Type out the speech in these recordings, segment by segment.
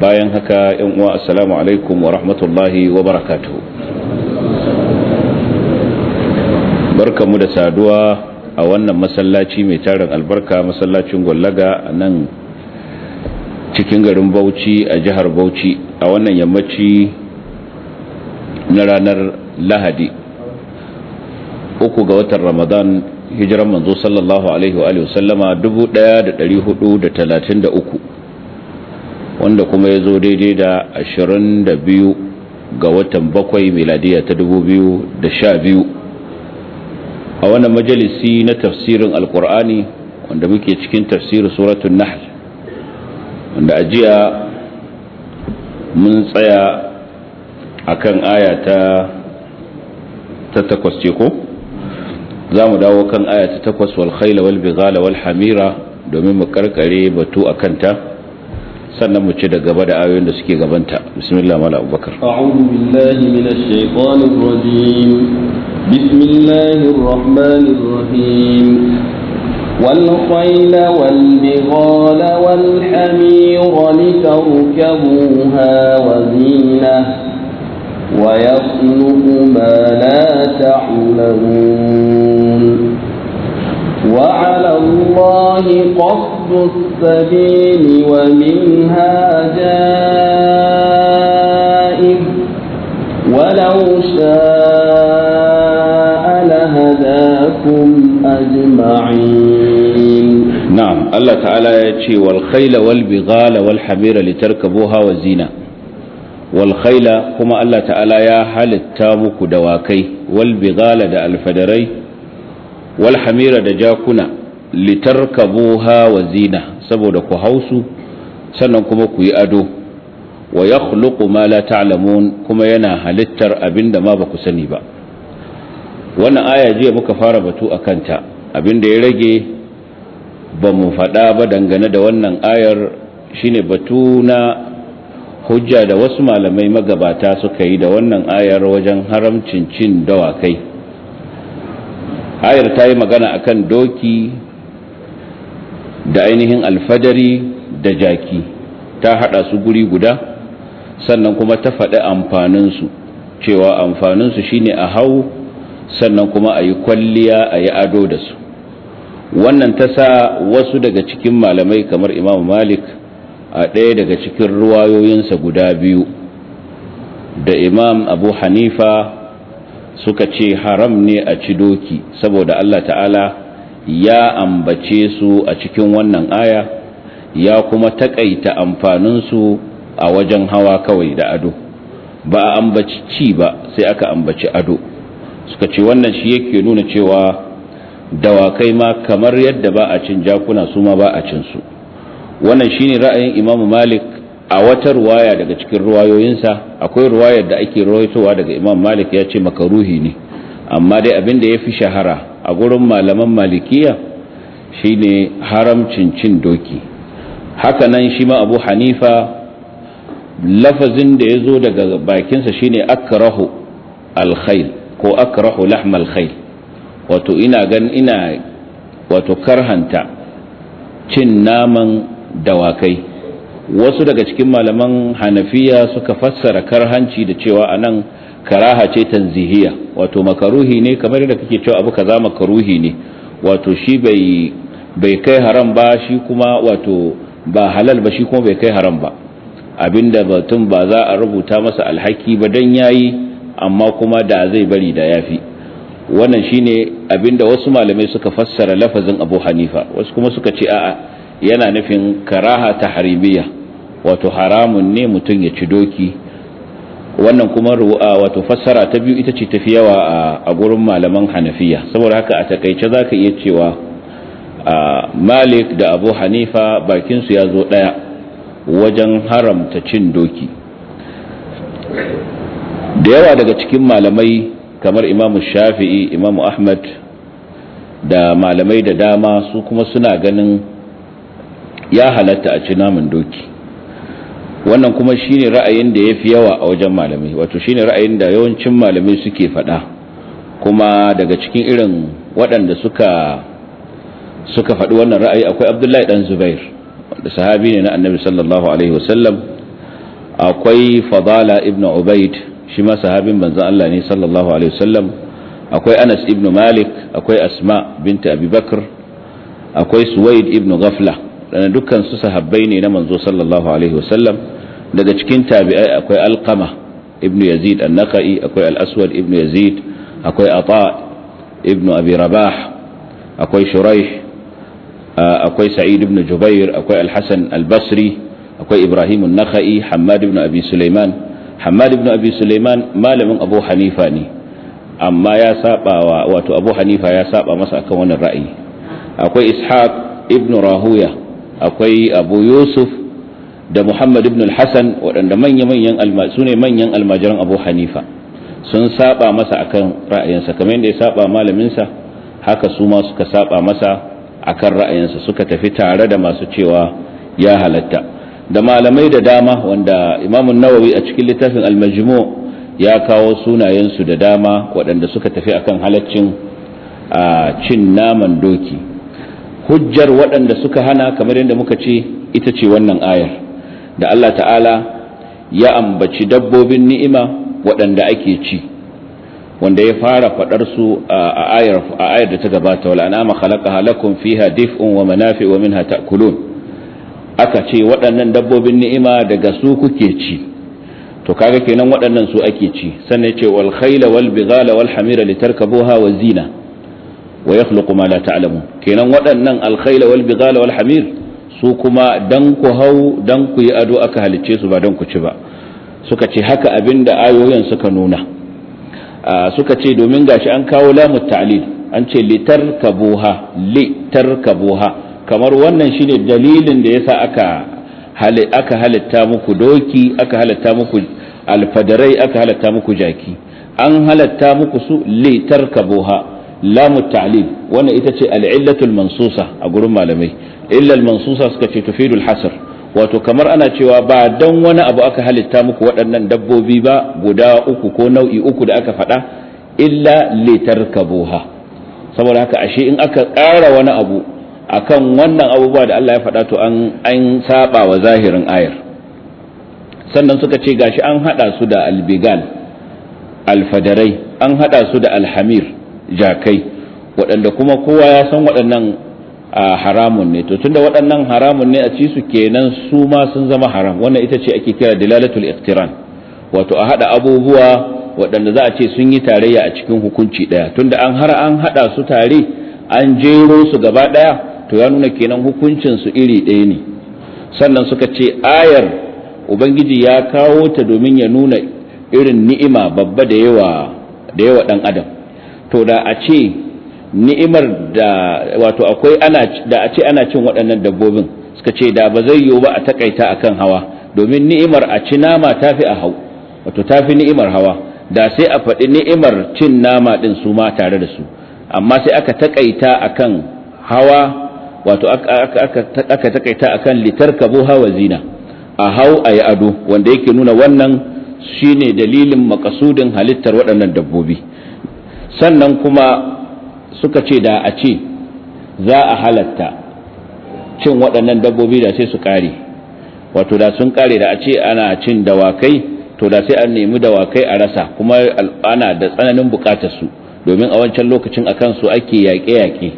bayan haka yan uwa assalamu alaikum wa rahmatullahi wa barakatuhu barkamu da saduwa a wannan masallaci mai tarin albarka masallacin gwallaga nan cikin garin Bauchi a jihar Bauchi a wannan yammaci na ranar Lahadi uku ga watan Ramadan hijiran manzo sallallahu alaihi wa talatin da 1433 wanda kuma ya zo daidai da 22 ga watan bakwai miladiya ta 2012 a wannan majalisi na tafsirin alkur'ani wanda muke cikin tafsirin suratun nahl wanda ajiya mun tsaya akan aya ta takwas ce ko za mu dawo kan ayata ta takwas walhaila khayla walhamira hamira domin mu karkare batu a kanta. sannan mu ci da gaba da ayoyin da suke gabanta bismillah mala abubakar a'udhu billahi minash shaitanir rajim bismillahir rahmanir rahim wal khayla wal bighala wal hamira litarkabuha wa zinah ويخلق ما لا تعلمون وعلى الله قصد السبيل ومنها جائر ولو شاء لهداكم أجمعين نعم الله تعالى يتشي والخيل والبغال والحمير لتركبوها وزينة والخيل كما الله تعالى يا حال التامك دواكي والبغال دا الفدري Walhamira da jakuna litarkabuha wa zina saboda ku hausu sannan kuma ku yi ado wa yakhluqu ma la ta'lamun kuma yana halittar abinda ma ba ku sani ba wannan aya jiya muka fara batu akan ta abinda ya rage ba mu faɗa ba dangane da wannan ayar shine batu na hujja da wasu malamai magabata suka yi da wannan ayar wajen haramcin cin dawakai ayar ta yi magana akan doki da ainihin alfadari da jaki ta hada su guri guda sannan kuma ta faɗi amfaninsu cewa amfaninsu shine a hau sannan kuma a yi kwalliya a yi ado da su wannan ta sa wasu daga cikin malamai kamar imam malik a ɗaya daga cikin ruwayoyinsa guda biyu da imam abu hanifa suka ce haram ne a ci doki saboda Allah ta'ala ya ambace su a cikin wannan aya ya kuma takaita amfaninsu a wajen hawa kawai da ado ba a ambaci ci ba sai aka ambaci ado suka ce wannan shi yake nuna cewa dawakai ma kamar yadda ba a cin jakuna su ma ba a cin su wannan shine ra'ayin Imam Malik a wata ruwaya daga cikin ruwayoyinsa akwai ruwayar da ake ruwaitowa daga imam malik ya ce makaruhi ne amma dai abin da ya fi shahara a gurin malaman malikiya shine haramcin cin doki hakanan shi ma abu hanifa lafazin da ya zo daga bakinsa shine akrahu alkhail ko akrahu lahm alkhail wato ina gan ina wato karhanta cin naman dawakai wasu daga cikin malaman hanafiya suka fassara karhanci da cewa a anan karaha ce tanzihiya wato makaruhi ne kamar yadda kake cewa abu kaza makaruhi ne wato shi bai kai haram ba shi kuma wato ba halal ba shi kuma bai kai haram ba abinda batun ba za a rubuta masa alhaki ba dan yayi amma kuma da zai bari da yafi wannan shine abinda wasu malamai suka fassara lafazin Abu Hanifa wasu kuma suka ce a'a yana nufin karaha ta haribiya wato haramun ne mutum ya ci doki wannan kuma ru'a wato fassara ta biyu ita ce tafi yawa a gurin malaman hanafiya saboda haka a takaice za ka iya cewa malik da abu hanifa bakinsu ya zo ɗaya wajen haramta cin doki da yawa daga cikin malamai kamar imamu shafi'i imamu ahmad da malamai da dama su kuma suna ganin ya halatta a ci naman doki wannan kuma shine ra'ayin da yafi yawa a wajen malamai wato shine ra'ayin da yawancin malamai suke faɗa kuma daga cikin irin waɗanda suka suka faɗi wannan ra'ayi akwai Abdullahi dan Zubair wanda sahabi ne na Annabi sallallahu alaihi wasallam akwai Fadala ibn Ubaid shi ma sahabin manzon Allah ne sallallahu alaihi wasallam akwai Anas ibn Malik akwai Asma binta Abi Bakr akwai Suwaid ibn Ghafla dana dukkan su sahabbai ne na manzo sallallahu alaihi wasallam daga cikin tabi'ai akwai alqama ibnu yazid an-naqai akwai al-aswad ibnu yazid akwai ata ibnu abi rabah akwai shuraih akwai sa'id ibnu jubair akwai al-hasan al-basri akwai ibrahim an-naqai hamad ibnu abi sulaiman hamad ibnu abi sulaiman malamin abu hanifa ne amma ya saba wa wato abu hanifa ya saba masa akan wannan ra'ayi akwai ishaq ibnu rahuya akwai abu yusuf da muhammad ibn al-hasan waɗanda manya-manyan su ne manyan almajiran abu hanifa sun saba masa akan ra'ayinsa kamar yadda ya saba malaminsa haka su ma suka saba masa akan ra'ayinsa suka tafi tare da masu cewa ya halatta da malamai da dama wanda imamun nawawi a cikin littafin almajmu ya kawo sunayensu da dama waɗanda suka tafi akan halaccin cin naman doki hujjar waɗanda suka hana kamar yadda muka ce ita ce wannan ayar da Allah ta'ala ya ambaci dabbobin ni'ima waɗanda ake ci wanda ya fara faɗar su a ayar a ayar da ta gabata wal an'ama khalaqaha lakum fiha dif'un wa manafi wa minha ta'kulun aka ce waɗannan dabbobin ni'ima daga su kuke ci to kaga kenan waɗannan su ake ci sannan ya ce wal khayla wal bighala wal hamira litarkabuha wa zina wa yakhluqu ma la ta'lamun kenan waɗannan alkhayla wal bighala wal hamir su kuma dan ku hau dan ku yi ado aka halicce su ba dan ku ci ba suka ce haka abinda ayoyin suka nuna suka ce domin gashi an kawo lamu ta'lil an ce litarkabuha litarkabuha kamar wannan shine dalilin da yasa aka aka halitta muku doki aka halitta muku alfadarai aka halitta muku jaki an halatta muku su litarkabuha lamu ta'lil wannan ita ce al'illatul mansusa a gurin malamai illal mansusa suka ce tufidul hasr wato kamar ana cewa ba dan wani abu aka halitta muku waɗannan dabbobi ba guda uku ko nau'i uku da aka faɗa illa litarkabuha saboda haka ashe in aka ƙara wani abu akan wannan abubuwa da Allah ya faɗa to an an saba wa zahirin ayar sannan suka ce gashi an haɗa su da albigal alfadarai an haɗa su da alhamir jakai waɗanda kuma kowa ya san waɗannan haramun ne to tunda waɗannan haramun ne a ci su kenan su ma sun zama haram wannan ita ce ake kira dilalatul iqtiran wato a hada abubuwa waɗanda za a ce sun yi tarayya a cikin hukunci ɗaya tunda an har an hada su tare an jero su gaba ɗaya to ya nuna kenan hukuncin su iri ɗaya ne sannan suka ce ayar ubangiji ya kawo ta domin ya nuna irin ni'ima babba da yawa da yawa ɗan adam to da a ce ni'imar da wato akwai ana da a ce ana cin waɗannan dabbobin suka ce da ba zai yiwu ba a takaita akan hawa domin ni'imar a ci nama tafi a hau wato tafi ni'imar hawa da sai a faɗi ni'imar cin nama ɗin su ma tare da su amma sai aka takaita akan hawa wato aka takaita akan litarkabu hawa zina a hau a yi ado wanda yake nuna wannan shine dalilin makasudin halittar waɗannan dabbobi sannan kuma suka ce da a ce za a halatta cin waɗannan dabbobi da sai su ƙare wato da sun ƙare da a ce ana cin dawakai to da sai an nemi dawakai a rasa kuma ana da tsananin buƙatar su domin a wancan lokacin a kansu ake yaƙe-yaƙe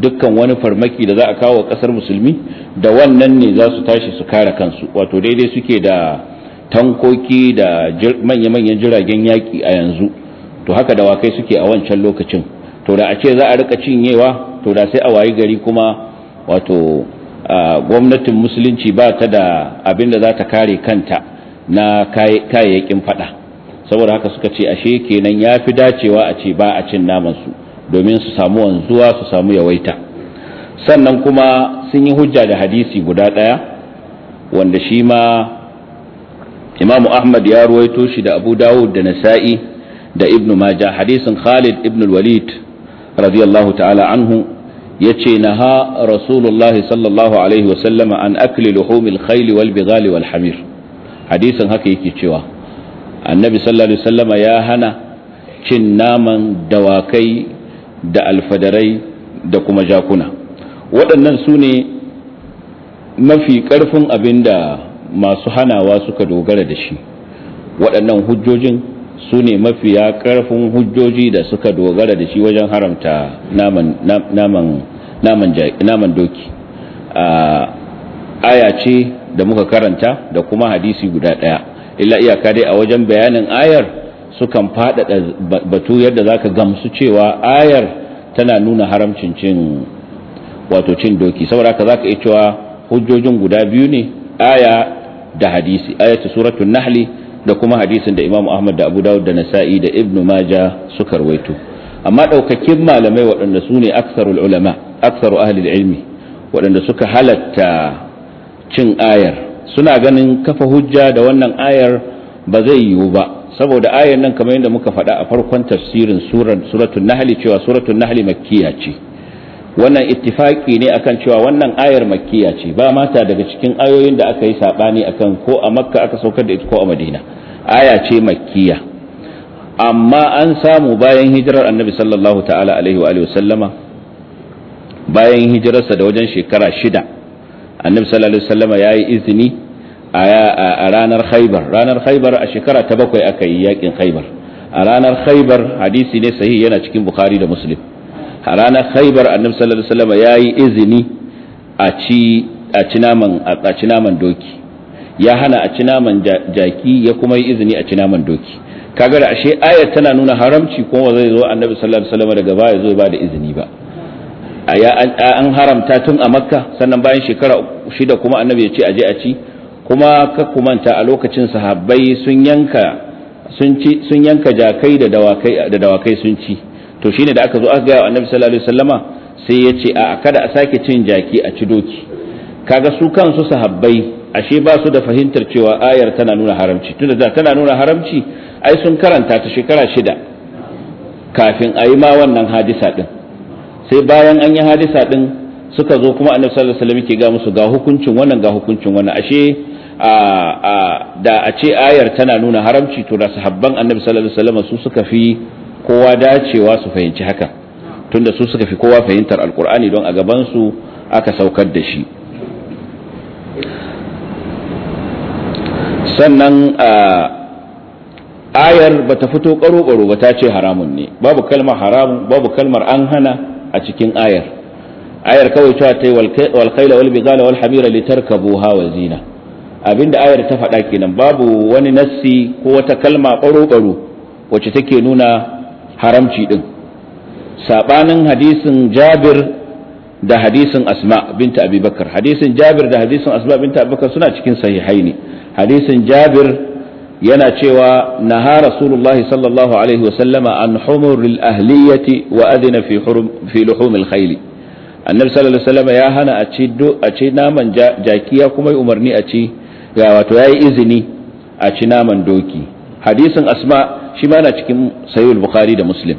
dukkan wani farmaki da za a kawo ƙasar musulmi da wannan ne za su tashi su kare kansu wato daidai suke da tankoki da manya-manyan jiragen yaƙi a yanzu to haka da wakai suke a wancan lokacin to da a ce za a rika cinyewa to da sai a wayi gari kuma wato gwamnatin musulunci ba ta da abin da za ta kare kanta na kayayyakin fada saboda haka suka ce ashe kenan ya fi dacewa a ce ba a cin naman su, domin su samu wanzuwa su samu yawaita sannan kuma sun yi hujja da hadisi guda ɗaya wanda shi ma imamu ahmad ya ruwaito shi da abu dawud da nasa'i da ibnu Maja hadisin khalid ibn walid radiyallahu ta'ala anhu na naha rasulullahi sallallahu alaihi wasallama an akli luhumil khayli wal bidhali wal hamir hadisin haka yake cewa annabi sallallahu alaihi wasallama ya hana cin naman dawakai da alfadarai da kuma jakuna waɗannan su ne mafi ƙarfin abinda masu hanawa suka dogara da shi waɗannan hujjojin su ne mafiya ƙarfin hujjoji da suka dogara da shi wajen haramta naman doki aya ce da muka karanta da kuma hadisi guda ɗaya illa iyaka dai a wajen bayanin ayar sukan faɗaɗa batu yadda za ka gamsu cewa ayar tana nuna haramcin cin wato cin doki saboda haka za ka iya cewa hujjojin guda biyu ne aya da hadisi ayatu suratul nahli da kuma hadisin da Imam Ahmad da Abu Dawud da Nasa'i da Ibn maja suka rawaito amma daukakin malamai waɗanda su ne aksarul ulama aksaru ahli ilmi waɗanda suka halatta cin ayar suna ganin kafa hujja da wannan ayar ba zai yiwu ba saboda ayar nan kamar yadda muka faɗa a farkon tafsirin surar suratul nahli cewa suratul nahli makkiya ce wannan ittifaki ne akan cewa wannan ayar makkiya ce ba mata daga cikin ayoyin da aka yi sabani akan ko a makka aka saukar da ita ko a madina aya ce makkiya amma an samu bayan hijirar annabi sallallahu ta'ala alaihi wa sallama bayan hijirarsa da wajen shekara shida annabi sallallahu alaihi ya yayi izini a ranar khaybar ranar khaybar a shekara ta bakwai aka yi yakin khaybar a ranar khaybar hadisi ne sahihi yana cikin bukhari da muslim a ranar khaibar annabi sallallahu alaihi wasallam yayi izini a ci a ci naman a ci naman doki ya hana a ci naman jaki ya kuma yi izini a ci naman doki kaga da ashe ayar tana nuna haramci kuma zai zo annabi sallallahu alaihi wasallam daga baya zai ba da izini ba an haramta tun a makka sannan bayan shekara shida kuma annabi ya ce aje a ci kuma ka kumanta a lokacin sahabbai sun yanka sun ci sun yanka jakai da dawakai da dawakai sun ci to shine da aka zo aka gaya wa annabi sallallahu alaihi wasallama sai ya ce a kada a sake cin jaki a ci doki kaga su kansu sahabbai ashe ba su da fahimtar cewa ayar tana nuna haramci tunda da tana nuna haramci ai sun karanta ta shekara shida kafin a yi ma wannan hadisa din sai bayan an yi hadisa din suka zo kuma annabi sallallahu alaihi wasallam ke ga musu ga hukuncin wannan ga hukuncin wannan ashe da a ce ayar tana nuna haramci to da sahabban annabi sallallahu alaihi wasallam su suka fi kowa dacewa su fahimci haka tunda su suka fi kowa fahimtar alkur'ani don a gabansu aka saukar da shi sannan a ayar ta fito karo-karo ba ta ce haramun ne babu kalmar haramun babu kalmar an hana a cikin ayar ayar kawai cewa ta yi walkaila walbigala walhamira litarkabuha hawa zina abinda ayar ta faɗa kenan babu wani nassi ko wata kalma karo-karo wacce take nuna haramci din sabanin hadisin jabir da hadisin asma binta abubakar hadisin jabir da hadisin asma binta abubakar suna cikin sahihai ne hadisin jabir yana cewa naha rasulullahi sallallahu alaihi wa sallama an humuril ahliyati wa adina fi hurum fi al khayl annabi sallallahu alaihi wasallam ya hana a ci a ci naman jakiya ya yi umarni a ci ga wato yayi izini a ci naman doki hadisin asma shi ma na cikin sahihul bukhari da muslim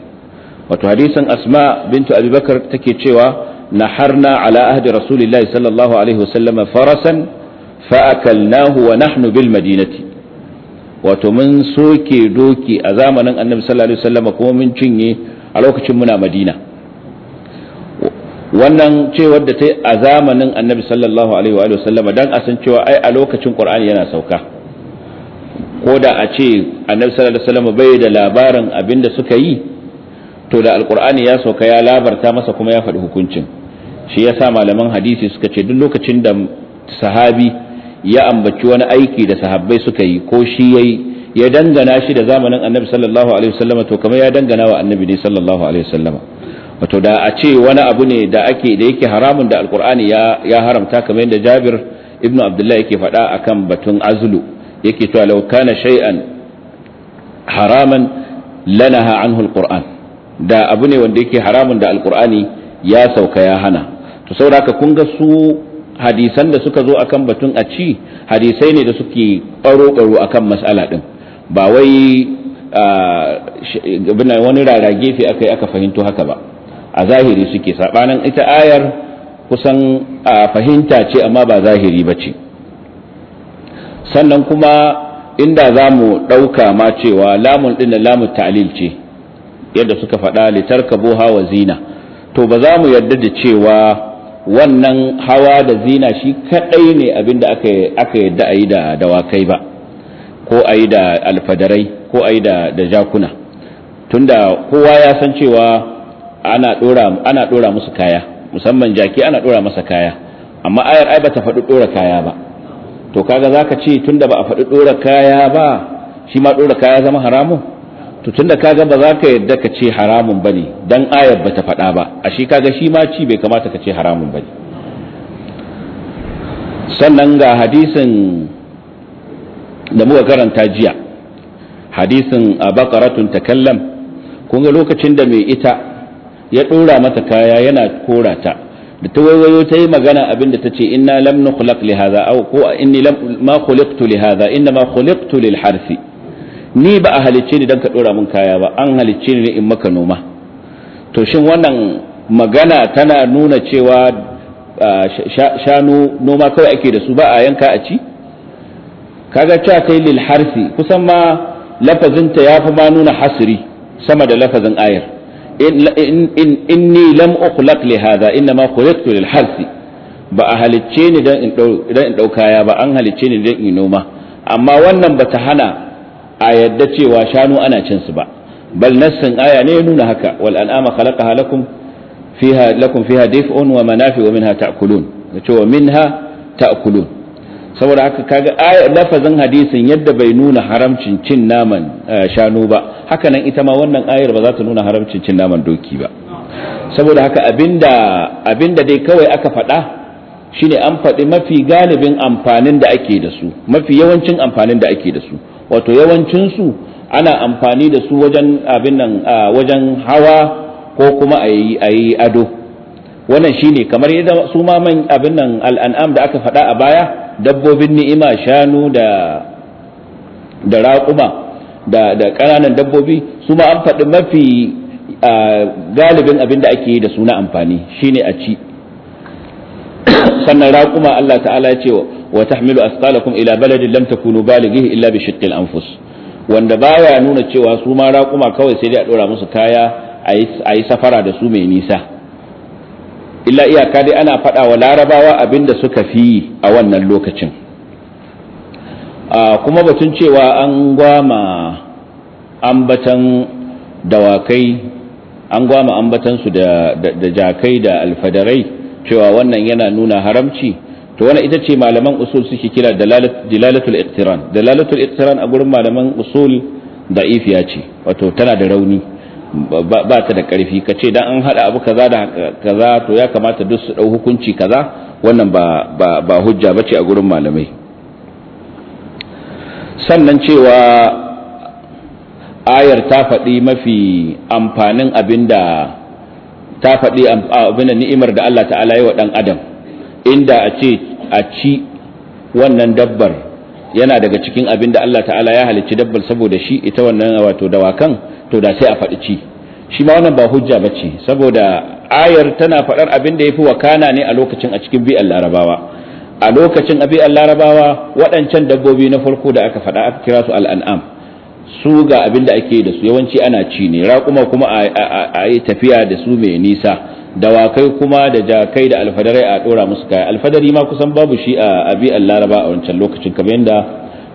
wato hadisan asma bintu abubakar take cewa na naharna ala ahdi Rasulillah sallallahu alaihi wasallama farasan fa akalnahu wa nahnu bil madinati wato mun soke doki a zamanin annabi sallallahu alaihi wasallama kuma mun cinye a lokacin muna madina wannan cewar da ta yi a zamanin annabi sallallahu alaihi wasallama dan a san cewa ai a lokacin qur'ani yana sauka ko da a ce annabi sallallahu alaihi wasallam bai da labarin abin da suka yi to da alkur'ani ya sauka ya labarta masa kuma ya faɗi hukuncin shi yasa malaman hadisi suka ce duk lokacin da sahabi ya ambaci wani aiki da sahabbai suka yi ko shi yayi ya dangana shi da zamanin annabi sallallahu alaihi wasallam to kamar ya dangana wa annabi ne sallallahu alaihi wasallam wato da a ce wani abu ne da ake da yake haramun da alkur'ani ya ya haramta kamar yadda Jabir ibnu Abdullah yake faɗa akan batun azlu yake cewa law kana shay'an haraman lanaha anhu alquran da abu ne wanda yake haramun da alqur'ani ya sauka ya hana to saboda kun ga su hadisan da suka zo akan batun a ci hadisai ne da suke ɓaro-ɓaro akan mas'ala ɗin ba wai wani rara gefe aka yi aka fahimto haka ba a zahiri suke saɓanin ita ayar kusan a fahimta ce amma ba zahiri ba ce sannan kuma inda za mu ɗauka ma cewa lamun ɗin da lamun ta'lil ce yadda suka faɗa litarka bo wa zina to ba za mu yarda da cewa wannan hawa da zina shi kaɗai ne abin da aka yarda a yi da dawakai ba ko a yi da alfadarai ko a yi da jakuna tunda kowa ya san cewa ana ɗora musu kaya musamman jaki ana ɗora masa kaya amma ayar ai bata faɗi ɗora kaya ba to kaga zaka ce tunda ba a faɗi ɗora kaya ba shi ma ɗora kaya zama haramun to tunda kaga ba za ka yadda ka ce haramun bane dan ayar ba ta faɗa ba a shi kaga shi ma ci bai kamata ka ce haramun bane sannan ga hadisin da muka karanta jiya hadisin a bakaratun takallam kun ga lokacin da mai ita ya ɗora mata kaya yana korata da ta wayo ta yi magana abinda ta ce inna lam nukhlaq li hadha aw ko inni lam ma khuliqtu li hadha inna ma khuliqtu lil harfi ni ba a halicce ni dan ka dora mun kaya ba an halicce ni in maka noma to shin wannan magana tana nuna cewa shanu noma kawai ake da su ba a yanka a ci kaga cewa kai lil harfi kusan ma lafazinta ya fi ma nuna hasri sama da lafazin ayar inni lam ukhlaq li hadha inma khuliqtu lil harsi ba a halicce ni dan in dau dan in dau kaya ba an halicce ni dan in noma amma wannan bata hana a yadda cewa shanu ana cin su ba bal nassin aya ne ya nuna haka wal an'ama khalaqaha lakum fiha lakum fiha dif'un wa manafi wa minha ta'kulun cewa minha ta'kulun saboda haka kaga lafazin hadisin yadda bai nuna haramcin cin naman eh, shanu ba haka nan ita ma wannan ayar ba za ta nuna haramcin cin naman doki ba saboda haka abinda abinda dai kawai aka faɗa shine an faɗi mafi galibin amfanin da ake da su mafi yawancin amfanin da ake da su wato yawancin su ana amfani da su wajen abin nan eh, wajen hawa ko kuma a yi ado wannan shine kamar yadda su ma man abin nan al'an'am da aka faɗa a baya dabbobin ni'ima shanu da da raƙuma da da ƙananan dabbobi su ma an faɗi mafi galibin abin da ake yi da suna amfani shine a ci sannan raƙuma Allah ta'ala ya ce wa tahmilu asqalakum ila baladin lam takunu balighihi illa bi shiqqil anfus wanda baya nuna cewa su ma raƙuma kawai sai dai a dora musu kaya a yi safara da su mai nisa illa iyaka dai ana faɗa wa larabawa abinda suka fi a wannan lokacin kuma batun cewa an gwama ambatan dawakai an gwama ambatansu da, jakai da alfadarai cewa wannan yana nuna haramci to wani ita ce malaman usul suke kira dalalatul iqtiran dalalatul iqtiran a gurin malaman usul da'ifiya ce wato tana da rauni ba ta da karfi ka ce dan an haɗa abu kaza da kaza to ya kamata duk su ɗau hukunci kaza wannan ba hujja ba ce a gurin malamai sannan cewa ayar ta faɗi mafi amfanin abinda ta faɗi abinda ni'imar da Allah ta'ala yi wa ɗan adam inda a ce a ci wannan dabbar yana daga cikin abin da Allah ta'ala ya halicci dabbar saboda shi ita wannan wato dawakan to da sai a faɗi ci shi ma wannan ba hujja ba ce saboda ayar tana faɗar abin da ya fi wakana ne a lokacin a cikin bi'an larabawa a lokacin bi'an larabawa waɗancan dabbobi na farko da aka faɗa aka kira su al'an'am su ga abin da ake da su yawanci ana ci ne raƙuma kuma a yi tafiya da su mai nisa dawakai kuma da jakai da alfadarai a dora musu kaya alfadari ma kusan babu shi a abi laraba a wancan lokacin kamar yadda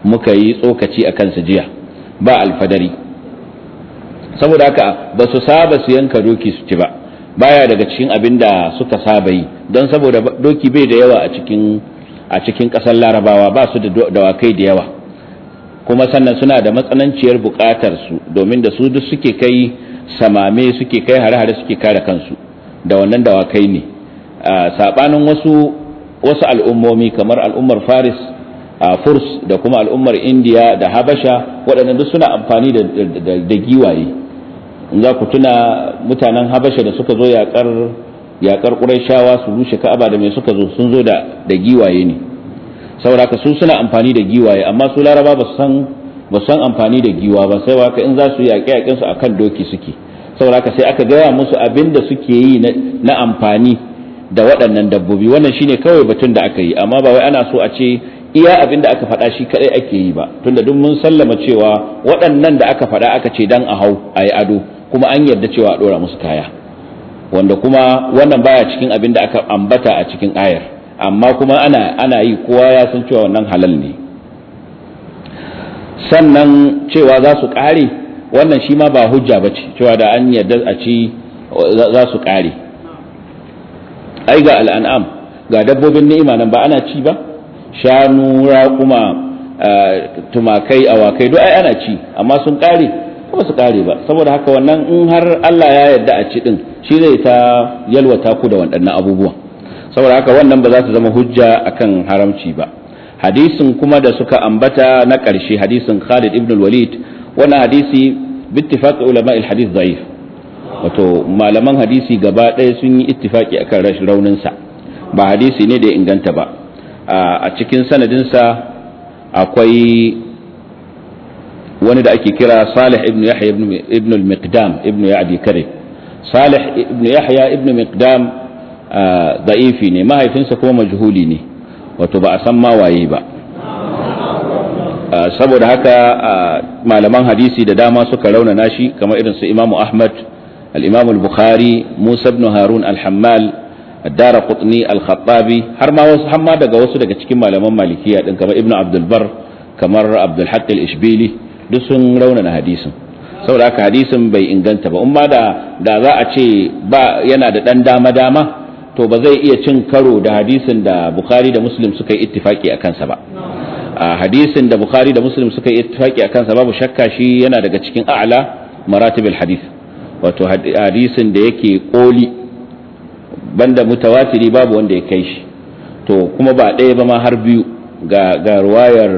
muka yi tsokaci a kansa jiya ba alfadari saboda haka ba su saba su yanka doki su ci ba baya daga cikin abin da suka saba yi don saboda doki bai da yawa a cikin a kasar larabawa ba su da dawakai da yawa kuma sannan suna da matsananciyar bukatar su domin da su duk suke kai samame suke kai hare-hare suke kare kansu da wannan dawakai ne sabanin wasu wasu al'ummomi kamar al'ummar faris a furs da kuma al'ummar indiya da habasha waɗannan duk suna amfani da giwaye in za ku tuna mutanen habasha da suka zo yaƙar yaƙar ƙurayshawa su rushe ka'aba da mai suka zo sun zo da da giwaye ne saboda ka su suna amfani da giwaye amma su laraba ba san ba san amfani da giwa ba sai waka in za su yaƙe yaƙen su kan doki suke saboda haka sai aka gaya musu abin da suke yi na amfani da waɗannan dabbobi wannan shine kawai batun da aka yi amma ba wai ana so a ce iya abin da aka faɗa shi kadai ake yi ba tunda duk mun sallama cewa waɗannan da aka faɗa aka ce dan a hau a yi ado kuma an yarda cewa a ɗora musu kaya wanda kuma wannan baya cikin abin da aka ambata a cikin ayar amma kuma ana ana yi kowa ya san cewa wannan halal ne sannan cewa za su ƙare wannan shi ma ba hujja ba ce cewa da an yarda a ci za su ƙare ai ga al'an'am ga dabbobin ni'ima nan ba ana ci ba shanu raƙuma tumakai awakai duk ai ana ci amma sun ƙare ba su ƙare ba saboda haka wannan in har Allah ya yarda a ci din shi zai ta yalwata ku da waɗannan abubuwan saboda haka wannan ba za su zama hujja akan haramci ba hadisin kuma da suka ambata na ƙarshe hadisin Khalid ibn al-Walid wannan hadisi bittifaq ulama al-hadith da'if wato malaman hadisi gaba ɗaya sun yi ittifaki akan rashin raunin sa ba hadisi ne da ya inganta ba a cikin sanadin sa akwai wani da ake kira Salih ibn Yahya ibn al-Miqdam ibn Ya'di Kare Salih ibn Yahya ibn Miqdam da'ifi ne mahaifinsa kuma majhuli ne wato ba a san ma waye ba Ah, saboda haka ah, malaman hadisi da dama suka raunana shi kamar irin su imamu ahmad al-imam al-bukhari musa ibn harun al-hammal ad-dara qutni al-khattabi har ma wasu har daga wasu daga cikin malaman malikiya din kamar ibnu abdul bar kamar abdul haqq al-ishbili duk sun raunana hadisin saboda haka hadisin bai inganta ba umma da da za a ce ba yana da dan dama dama to ba zai iya cin karo da hadisin da bukhari da muslim suka yi ittifaki akan sa ba a hadisin da bukhari da muslim suka yi ittifaki a kansa babu shakka shi yana daga cikin a'la maratibul hadith wato hadisin da yake koli banda mutawatiri babu wanda ya kai shi to kuma ba ɗaya ba ma har biyu ga ga ruwayar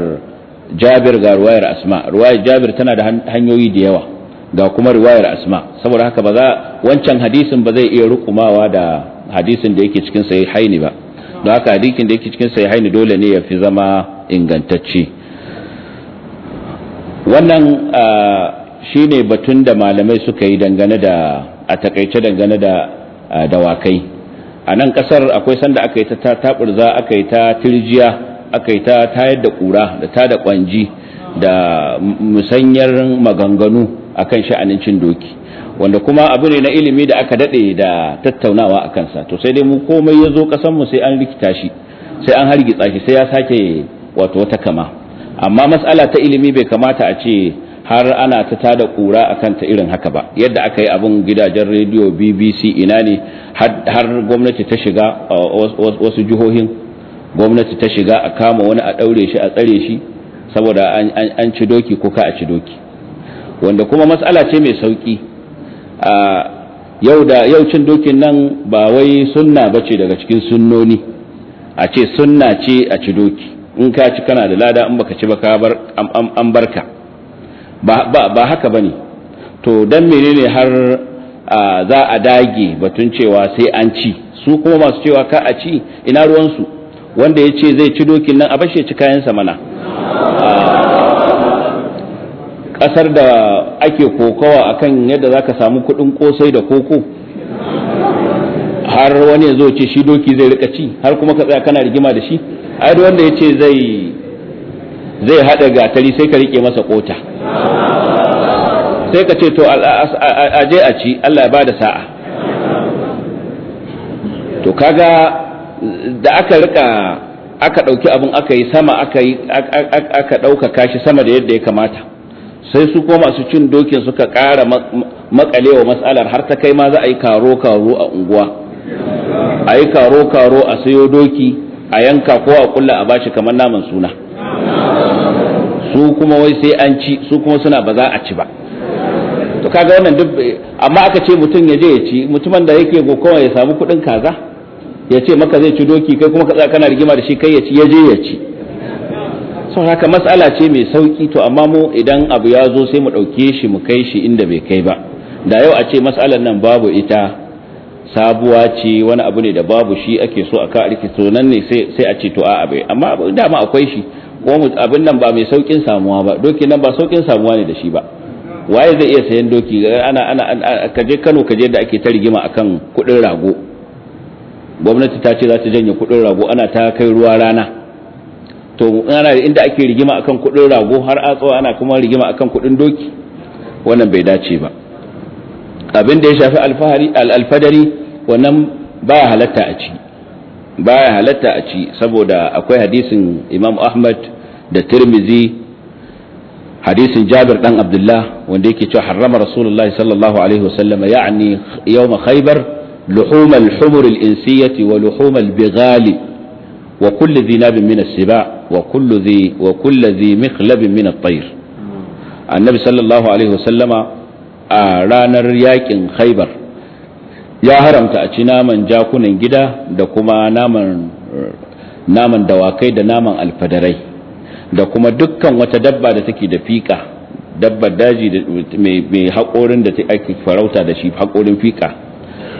jabir ga ruwayar asma ruwayar jabir tana da hanyoyi da yawa ga kuma ruwayar asma saboda haka ba za wancan hadisin ba zai iya rukumawa da hadisin da yake cikin sai haini ba don haka hadikin da yake cikin haini dole ne ya fi zama ingantacce wannan shi ne batun da malamai suka yi dangane da a takaice dangane da dawakai a nan kasar akwai sanda aka yi ta taɓurza aka yi ta tirjiya aka yi ta tayar da ƙura da ta da ƙwanji da musanyar maganganu akan sha'anin cin doki wanda kuma abu ne na ilimi da aka daɗe da tattaunawa a kansa to sai dai mu komai ya zo kasan mu sai an rikita shi sai an hargitsa shi sai ya sake wato wata kama amma mas'ala ta ilimi bai kamata a ce har ana ta tada kura akan ta irin haka ba yadda aka yi abin gidajen rediyo BBC ina ne har gwamnati ta shiga wasu jihohin gwamnati ta shiga a kama wani a ɗaure shi a tsare shi saboda an ci doki ko ka a ci doki wanda kuma mas'ala ce mai sauki yau da yau cin dokin nan ba wai sunna ba ce daga cikin sunnoni a ce sunna ce a ci doki in ka ci kana da lada in baka ci ba an barka ba haka bane to dan menene har za a dage batun cewa sai an ci su kuma masu cewa ka a ci ina ruwansu wanda ya ce zai ci dokin nan a bashe ci kayansa mana kasar da ake kokawa akan yadda za ka samu kudin kosai da koko har wani yazo ce shi doki zai rika ci har kuma ka tsaya kana rigima da shi ai wanda yace zai zai hada gatari sai ka rike masa kota sai ka ce to aje a ci Allah ya bada sa'a to kaga da aka rika aka dauki abun aka yi sama aka yi aka dauka kashi sama da yadda ya kamata sai su ko masu cin dokin suka ƙara makalewa matsalar har ta kai ma za a yi karo-karo a unguwa a yi karo-karo a sayo doki a yanka ko a kulla a bashi kamar naman suna su kuma wai sai an ci su kuma suna ba za a ci ba to kaga wannan duk amma aka ce mutum ya je ya ci mutumin da yake gokowa ya samu kuɗin kaza ya ce maka zai ci doki kai kuma ka kana rigima da shi kai ya ci ya je ya ci sun haka matsala ce mai sauki to amma mu idan abu ya zo sai mu ɗauke shi mu kai shi inda bai kai ba da yau a ce matsalar nan babu ita sabuwa ce wani abu ne da babu shi ake so a karki to nan ne sai a ce to a'a bai amma dama akwai shi abin nan ba mai saukin samuwa ba doki nan ba saukin samuwa ne da shi ba waye zai iya sayan doki ana ana kaje Kano kaje da ake ta rigima akan kudin rago gwamnati ta ce za ta janye kudin rago ana ta kai ruwa rana to ana inda ake rigima akan kudin rago har atsawa ana kuma rigima akan kudin doki wannan bai dace ba abin da ya shafi alfahari alfadari wannan baya halatta a ci baya halatta a ci saboda akwai hadisin Imam Ahmad da Tirmizi hadisin Jabir dan Abdullah wanda yake cewa harrama Rasulullahi sallallahu alaihi wasallam ya'ni yawm Khaybar luhum al-humur al-insiyyah wa luhum al-bighali wa kullu dhi nabin min as-siba wa kullu dhi wa kullu dhi mikhlabin annabi sallallahu alaihi a ranar yakin khaibar ya haramta a ci naman jakunan gida da kuma naman naman dawakai da naman alfadarai da kuma dukkan wata dabba da take da fika dabbar daji mai haƙorin da ake farauta da shi haƙorin fika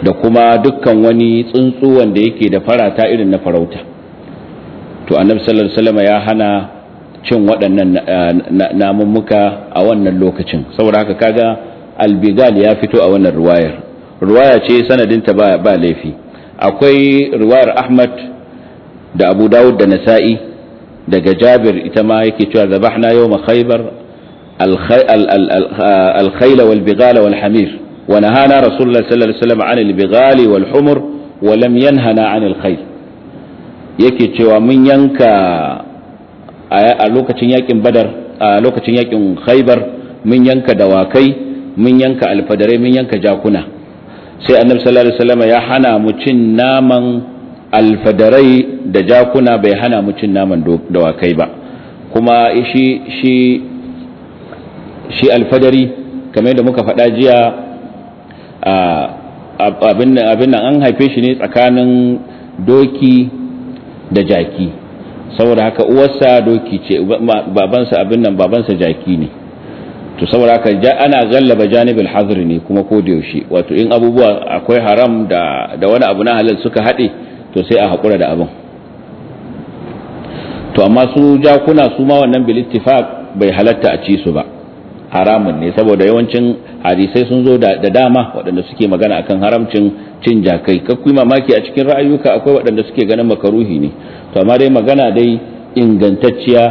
da kuma dukkan wani tsuntsu wanda yake da farata irin na farauta to annab sallallahu alaihi wasallam ya hana cin waɗannan eh, namummuka a wannan lokacin saboda haka kaga albigal ya fito a wannan ruwayar ruwaya ce sanadinta ba ba laifi akwai ruwayar ahmad da abu dawud da nasa'i daga jabir ita ma yake cewa zabahna yawma khaybar ah, al-khayl wal bigal wal hamir wa nahana rasulullah sallallahu alaihi wasallam 'anil bigal wal humur wa yake cewa mun yanka a lokacin yakin badar a lokacin yakin khaibar mun yanka dawakai mun yanka alfadare mun yanka jakuna sai annabi sallallahu alaihi wasallam ya hana mu cin naman alfadarai da jakuna bai hana mu cin naman dawakai ba kuma shi shi shi alfadari kamar yadda muka faɗa jiya abin nan an haife shi ne tsakanin doki da jaki saboda haka uwarsa doki ce babansa abin nan babansa jaki ne to saboda haka ana gallaba janibul hazr ne kuma ko da yaushe wato in abubuwa akwai haram da da wani abu na halal suka hade to sai a hakura da abin to amma su jakuna su ma wannan bil ittifaq bai halatta a ci su ba haramun ne saboda yawancin hadisai sun zo da dama waɗanda suke magana akan haramcin cin jakai kakkui mamaki a cikin ra'ayuka akwai waɗanda suke ganin makaruhi ne to amma dai magana dai ingantacciya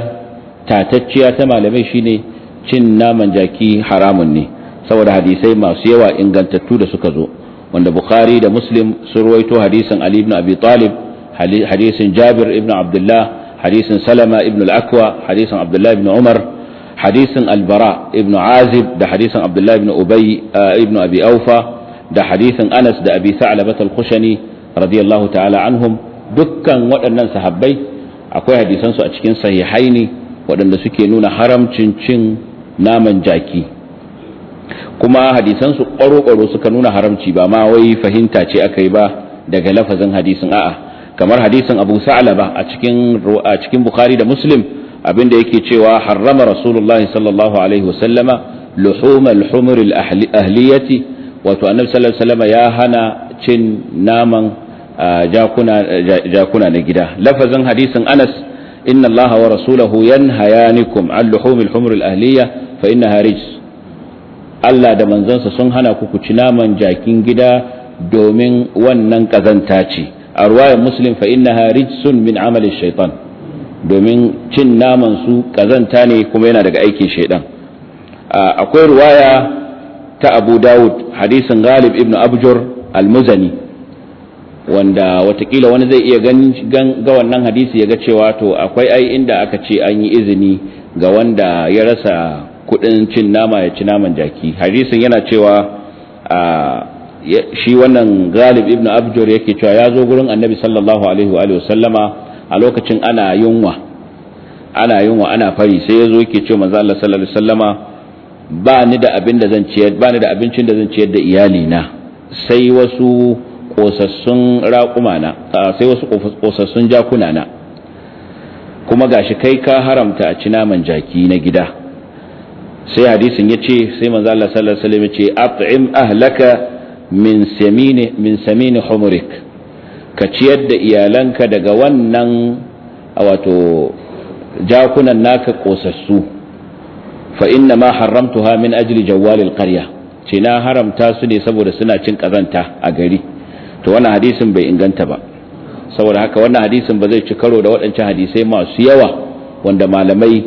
tatacciya ta malamai shine cin naman jaki haramun ne saboda hadisai masu yawa ingantattu da suka zo wanda bukhari da muslim sun ruwaito hadisin ali ibn abi talib hadisin jabir ibn abdullah hadisin salama ibn al-akwa hadisin abdullah ibn umar hadisin albara ibn azib da hadisin abdullahi ibn ubay uh, ibn abi aufa da hadisin anas da abi sa'labat al-khushani radiyallahu ta'ala anhum dukkan waɗannan sahabbai akwai hadisansu a cikin sahihaini waɗanda suke nuna haramcin cin naman jaki kuma hadisansu ƙwaro-ƙwaro suka nuna haramci ba ma wai fahimta ce aka yi ba daga lafazin hadisin a'a kamar hadisin abu sa'laba a cikin a cikin bukhari da muslim abinda yake cewa harrama rasulullahi sallallahu alaihi wasallama luhum al-humur al-ahliyati wato annabi sallallahu alaihi wasallama ya hana cin naman jakuna jakuna na gida lafazin hadisin Anas inna allah wa rasulahu yanhayanikum an luhum al-humur al-ahliya fa Allah da manzansa sun hana ku ku ci naman jakin gida domin wannan kazanta ce a ruwayar muslim fa sun min amali shaitan domin cin naman su kazanta ne kuma yana daga aikin shaidan akwai ruwaya ta abu dawud hadisin galib ibn abjur al-muzani wanda watakila wani zai iya ga wannan hadisi ya ga cewa to akwai ai inda aka ce an yi izini ga wanda ya rasa kudin cin nama ya ci naman jaki hadisin yana cewa shi wannan galib ibn abjur yake cewa ya zo gurin annabi sallallahu alaihi wa sallama a lokacin ana yunwa ana yunwa ana fari sai ya zo yake ce manzo Allah sallallahu alaihi wasallama ba ni da abin da zan ciyar ba ni da abincin da zan ciyar da iyali na sai wasu kosassun raquma na sai wasu kosassun jakuna na kuma gashi kai ka haramta a ci naman jaki na gida sai hadisin ya ce sai manzo Allah sallallahu alaihi wasallam ya ce at'im ahlaka min samini min samini humurik ka ciyar da iyalanka daga wannan wato jakunan naka kosassu fa inna ma haramtuha min ajli jawwalil qarya ce na haramta su ne saboda suna cin kazanta a gari to wannan hadisin bai inganta ba saboda haka wannan hadisin ba zai ci karo da waɗancan hadisai masu yawa wanda malamai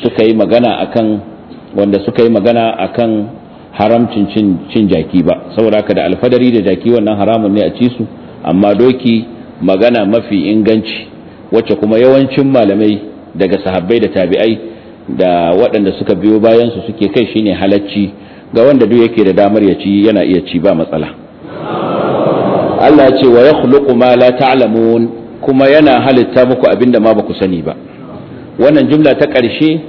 suka yi magana akan wanda suka yi magana akan haramcin cin jaki ba saboda haka da alfadari da jaki wannan haramun ne a ci su amma doki magana mafi inganci wacce kuma yawancin malamai daga sahabbai da tabi'ai da waɗanda suka biyo bayansu suke kai shine halacci ga wanda duk yake da damar ya ci yana iya ci ba matsala Allah ya ce wa yakhluqu ma la ta'lamun kuma yana halitta muku abinda ma baku sani ba wannan jumla ta ƙarshe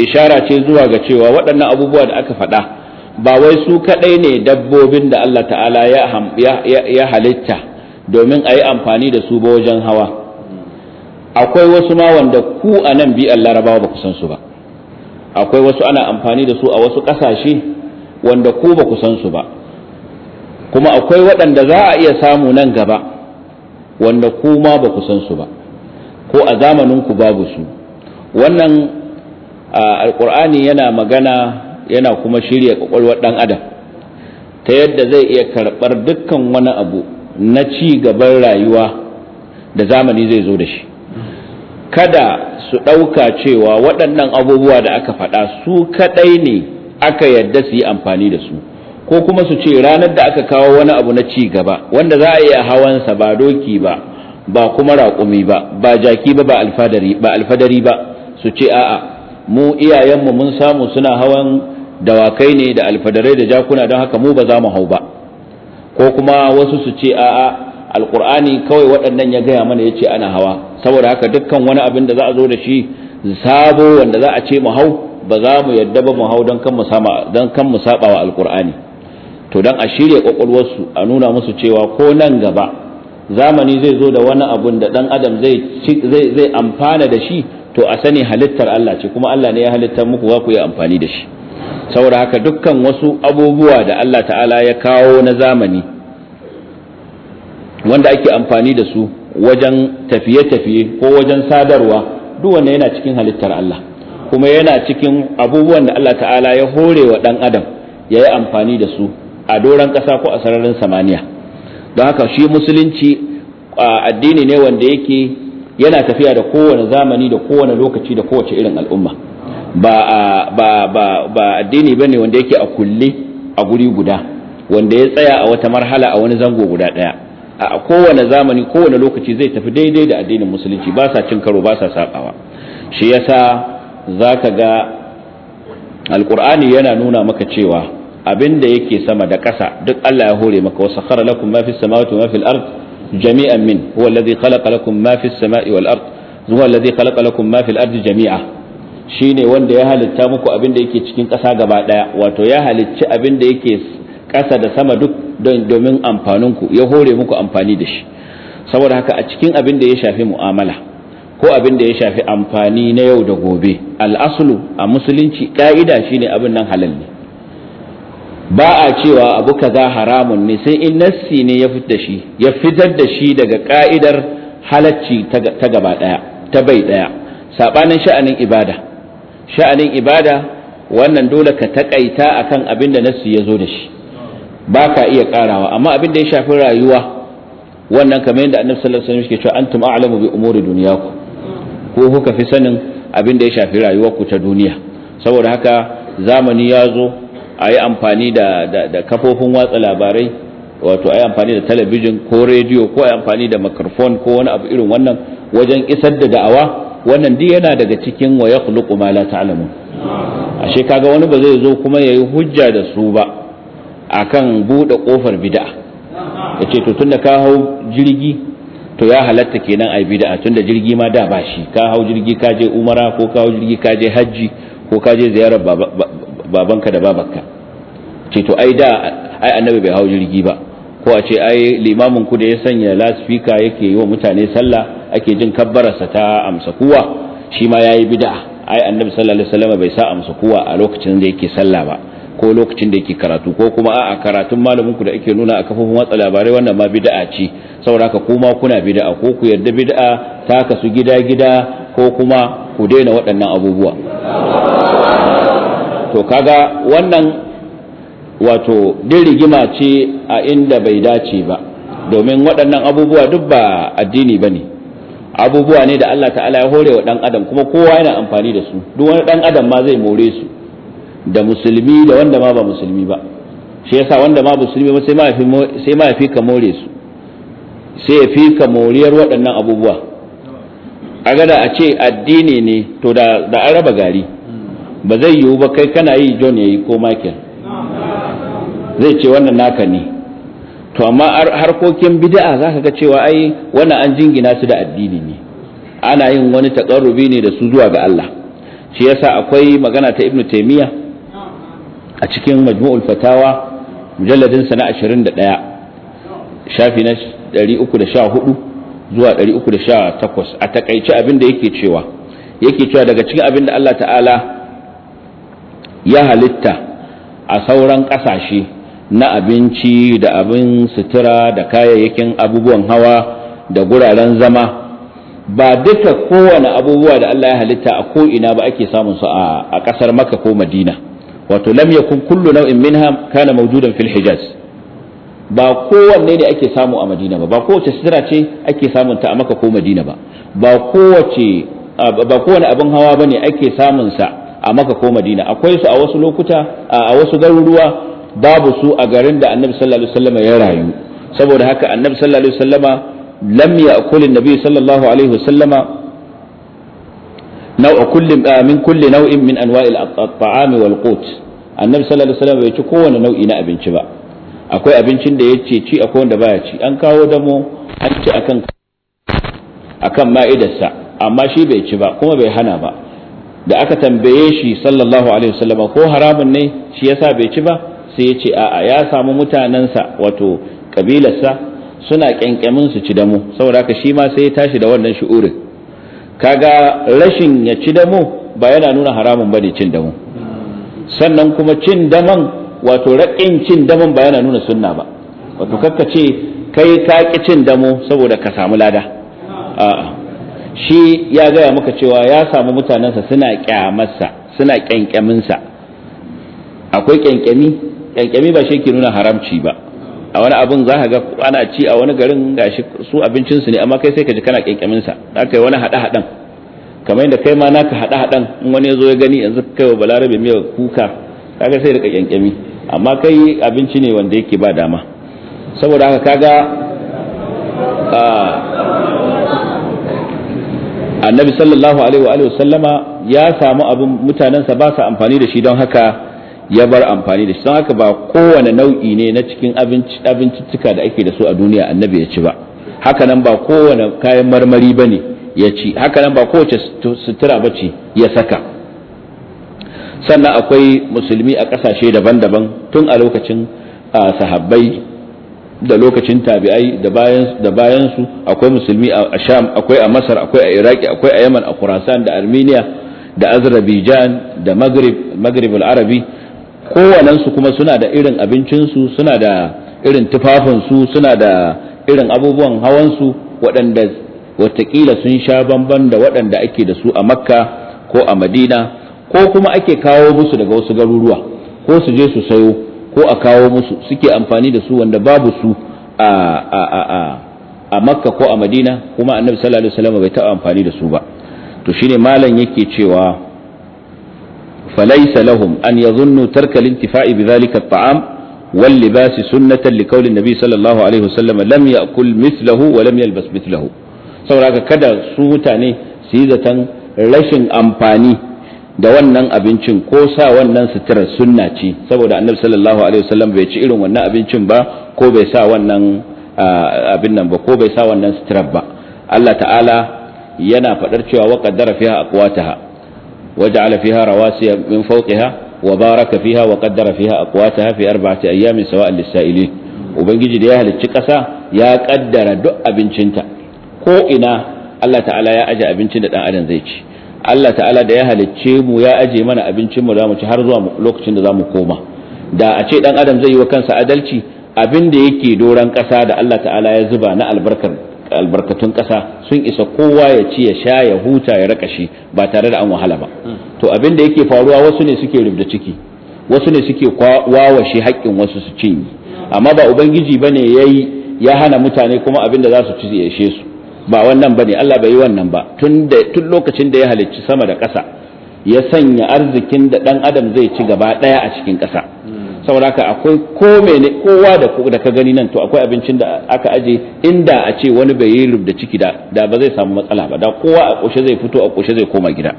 ishara ce zuwa ga cewa waɗannan abubuwa da aka faɗa ba wai su kadai ne dabbobin da Allah ta'ala ya halitta domin a yi amfani da su ba wajen hawa akwai wasu ma wanda ku a nan bi Allah rabawa ba ku san su ba akwai wasu ana amfani da su a wasu ƙasashe wanda ku ba ku san su ba kuma akwai waɗanda za a iya samu nan gaba wanda ku ma ba ku san su ba ko a zamaninku babu su wannan alƙur'ani yana magana yana kuma shirya kwakwalwar dan adam ta yadda zai iya karɓar dukkan wani abu na ci gaban rayuwa da zamani zai zo da shi kada su ɗauka cewa waɗannan abubuwa da aka faɗa su kaɗai ne aka yadda su yi amfani da su ko kuma su ce ranar da aka kawo wani abu na ci gaba wanda za a iya hawan sa ba doki ba ba kuma raƙumi ba ba jaki ba ba alfadari ba ba su ce a'a mu iyayenmu mun samu suna hawan dawakai ne da alfadarai da jakuna don haka mu ba za mu hau ba ko kuma wasu su ce a'a alkur'ani kawai waɗannan ya gaya mana ya ce ana hawa saboda haka dukkan wani abin da za a zo da shi sabo wanda za a ce mu hau ba za mu yadda ba mu hau don kan mu saba wa alkur'ani to don a shirya kwakwalwarsu a nuna musu cewa ko nan gaba zamani zai zo da wani abun da ɗan adam zai amfana da shi to a sani halittar Allah ce kuma Allah ne ya halittar muku za ku yi amfani da shi saboda haka dukkan wasu abubuwa da Allah ta'ala ya kawo na zamani wanda ake amfani da su wajen tafiye-tafiye ko wajen sadarwa duk yana cikin halittar Allah kuma yana cikin abubuwan da Allah ta'ala ya hore wa ɗan adam ya yi amfani da su a doron ƙasa ko a sararin samaniya don haka shi musulunci a addini ne wanda yake yana tafiya da kowane zamani da kowane lokaci da kowace irin al'umma ba ba ba ba addini wanda yake a kulle a guri guda wanda ya tsaya a wata marhala a wani zango guda daya a kowane zamani kowane lokaci zai tafi daidai da addinin musulunci ba sa cin karo ba sa sabawa shi yasa zaka ga Alƙur'ani yana nuna maka cewa abinda yake sama da ƙasa duk Allah ya hore maka wasu sakhara lakum ma fis samawati ma fil ard jami'an min huwa alladhi khalaqa lakum ma fis sama'i wal ard huwa alladhi khalaqa lakum ma fil jami'a shine wanda ya halitta muku abin da yake cikin ƙasa gaba ɗaya wato ya halicci abin da yake ƙasa da sama duk domin amfaninku ya hore muku amfani da shi saboda haka a cikin abin da ya shafi mu'amala ko abin da ya shafi amfani na yau da gobe al'asulu a musulunci ƙa'ida shine abin nan halal ne ba a cewa abu kaza haramun ne sai in nassi ne ya fitar da shi ya fitar da shi daga ƙa'idar halacci ta gaba daya ta bai ɗaya. sabanin sha'anin ibada sha'anin ibada wannan dole ka takaita akan abin da nassi ya zo da shi baka iya karawa amma abin da ya shafi rayuwa wannan kamar yadda annabi sallallahu alaihi wasallam yake cewa antum a'lamu bi umuri dunyaku ko kuka fi sanin abin da ya shafi rayuwa ku ta duniya saboda haka zamani ya zo a yi amfani da, da, kafofin watsa labarai wato a yi amfani da talabijin ko rediyo ko a yi amfani da makarfon ko wani abu irin wannan wajen isar da da'awa wannan duk yana daga cikin wa yakhluqu ma la ta'lamun ashe kaga wani ba zai zo kuma yayi hujja da su ba akan bude kofar bid'a yace to tunda ka hau jirgi to ya halatta kenan a bid'a tunda jirgi ma da bashi ka hau jirgi ka je umara ko ka hau jirgi ka je haji ko ka je ziyarar babanka da babanka ce to ai da ai annabi bai hau jirgi ba ko a ce ai limamin ku da ya sanya lasfika yake yi wa mutane sallah ake jin kabbararsa ta amsa kuwa shi ma yayi bid'a ai annabi sallallahu alaihi wasallam bai sa amsa kuwa a lokacin da yake sallah ba ko lokacin da yake karatu ko kuma a karatun malamin ku da ake nuna a kafofin watsa labarai wannan ma bid'a ce saboda ka kuma kuna bid'a ko ku yarda bid'a ta kasu gida gida ko kuma ku daina waɗannan abubuwa to kaga wannan wato din rigima ce a inda bai dace ba domin waɗannan abubuwa duk ba addini bane abubuwa ne da Allah ta'ala ya hore wa dan adam kuma kowa yana amfani da su duk wani dan adam ma zai more su da musulmi da wanda ma ba musulmi ba shi yasa wanda ma musulmi ba sai ma sai ma fi ka more su sai ya fi ka moriyar waɗannan abubuwa a da a ce addini ne to da da an gari ba zai yiwu ba kai kana yi John yayi ko Michael zai ce wannan naka ne to amma harkokin bid'a ka ga cewa ai wannan an jingina su da addini ne ana yin wani taƙarrubi ne da su zuwa ga Allah shi yasa akwai magana ta ibnu Taymiyyah a cikin majmu'ul fatawa mujalladin sana 21 shafi na 314 zuwa 318 a takaice abin da yake cewa yake cewa daga cikin abin da Allah ta'ala ya halitta a sauran ƙasashe na abinci da abin sutura da kayayyakin abubuwan hawa da guraren zama ba duka kowane abubuwa da Allah ya halitta a ko'ina ba ake samun su a ƙasar maka ko madina wato lam yakun kullu nau'in minha kana mawjudan fil hijaz ba kowanne ne ake samu a madina ba ba kowace sutura ce ake samun ta a maka ko madina ba ba kowace ba kowane abin hawa bane ake samun sa a maka ko madina akwai su a wasu lokuta a wasu garuruwa babu su a garin da annabi sallallahu alaihi wasallama ya rayu saboda haka annabi sallallahu alaihi wasallama lam ya'kul annabi sallallahu alaihi wasallama nau'a kulli ah, min kulli nau'in min anwa'il at-ta'ami wal qut annabi sallallahu alaihi wasallama bai ci kowane nau'i na abinci ba akwai abincin da yace ci akwai wanda baya ci an kawo damo an ci akan akan ma'idarsa amma shi bai ci ba kuma bai hana ba da aka tambaye shi sallallahu alaihi wasallama ko haramun ne shi yasa bai ci ba sai ya ce a'a ya samu mutanensa wato kabilarsa suna kyankyamin su ci damu saboda haka shi ma sai ya tashi da wannan shi'urin kaga rashin ya ci damu ba yana nuna haramun bane cin damu sannan kuma cin daman wato raƙin cin daman ba yana nuna sunna ba wato kakka ce kai ka ki cin damu saboda ka samu lada a'a shi ya gaya maka cewa ya samu mutanensa suna kyamarsa suna kyankyaminsa akwai kyankyami kyankyami ba shi ke nuna haramci ba a wani abin za ka ga ana ci a wani garin gashi su abincinsu ne amma kai sai ka ji kana kyankyamin sa za ka yi wani haɗa haɗan kamar yadda kai ma naka haɗa haɗan in wani ya zo ya gani yanzu kai wa balarabe miyar kuka ga sai da kyankyami amma kai abinci ne wanda yake ba dama saboda haka kaga annabi sallallahu alaihi wa sallama ya samu abin mutanensa ba sa amfani da shi don haka ya bar amfani da shi don haka ba kowane nau'i ne na cikin abinciccika da ake da su a duniya annabi ya ci ba haka nan ba kowane kayan marmari ba ne ya ci haka nan ba kowace sutura ba ce ya saka sannan akwai musulmi a ƙasashe daban-daban tun a lokacin sahabbai da lokacin tabi'ai da bayansu akwai musulmi a sham akwai a masar akwai a iraki akwai a yaman a kurasan da armenia da Azrabijan da maghrib al-arabi kowanensu kuma suna da irin abincinsu suna da irin tufafinsu suna da irin abubuwan hawansu waɗanda watakila sun sha bamban da waɗanda ake da su a makka ko a madina ko kuma ake kawo musu daga wasu garuruwa ko su je su sayo ko a kawo musu suke amfani da su wanda babu su a, a, a, a makka ko a madina kuma annabi sallallahu alaihi wasallam bai taɓa amfani da su ba to shine malam yake cewa فليس لهم أن يظنوا ترك الانتفاع بذلك الطعام واللباس سنة لقول النبي صلى الله عليه وسلم لم يأكل مثله ولم يلبس مثله saboda kada su mutane su yi zaton rashin amfani da wannan abincin ko sa wannan suturar sunna ce saboda annabi sallallahu alaihi wasallam bai ci irin wannan abincin ba ko bai sa wannan abin nan ba ko bai sa wannan suturar ba Allah ta'ala yana faɗar cewa wa qaddara fiha aqwataha وجعل فيها رواسي من فوقها وبارك فيها وقدر فيها أقواتها في أربعة أيام سواء للسائلين وبنجي دي أهل التقسى يا قدر دؤ بنشنتا ko ina Allah ta'ala ya aje abincin da dan adam zai ci Allah ta'ala da ya halicce mu ya aje mana abincin mu zamu ci har zuwa lokacin da zamu koma da a ce dan adam zai yi wa kansa adalci abin da yake doran kasa da Allah ta'ala ya zuba na albarkar albarkatun ƙasa sun isa kowa ya ci ya sha ya huta ya raka shi ba tare da an wahala ba hmm. to abin da yake faruwa wasu ne suke rubda ciki wasu ne suke wawashe haƙƙin wasu su cinye amma ba ubangiji bane yayi ya hana mutane kuma abin da za su ci ya ishe su ba wannan bane Allah bai yi wannan ba tun tun lokacin da ya halicci sama da ƙasa ya sanya arzikin da ɗan adam zai ci gaba ɗaya a cikin ƙasa saboda sauraka akwai ko mene kowa da da ka gani nan to akwai abincin da aka aje inda a ce wani bai yi rubda ciki da da ba zai samu matsala ba da kowa a koshe zai fito a koshe zai koma gida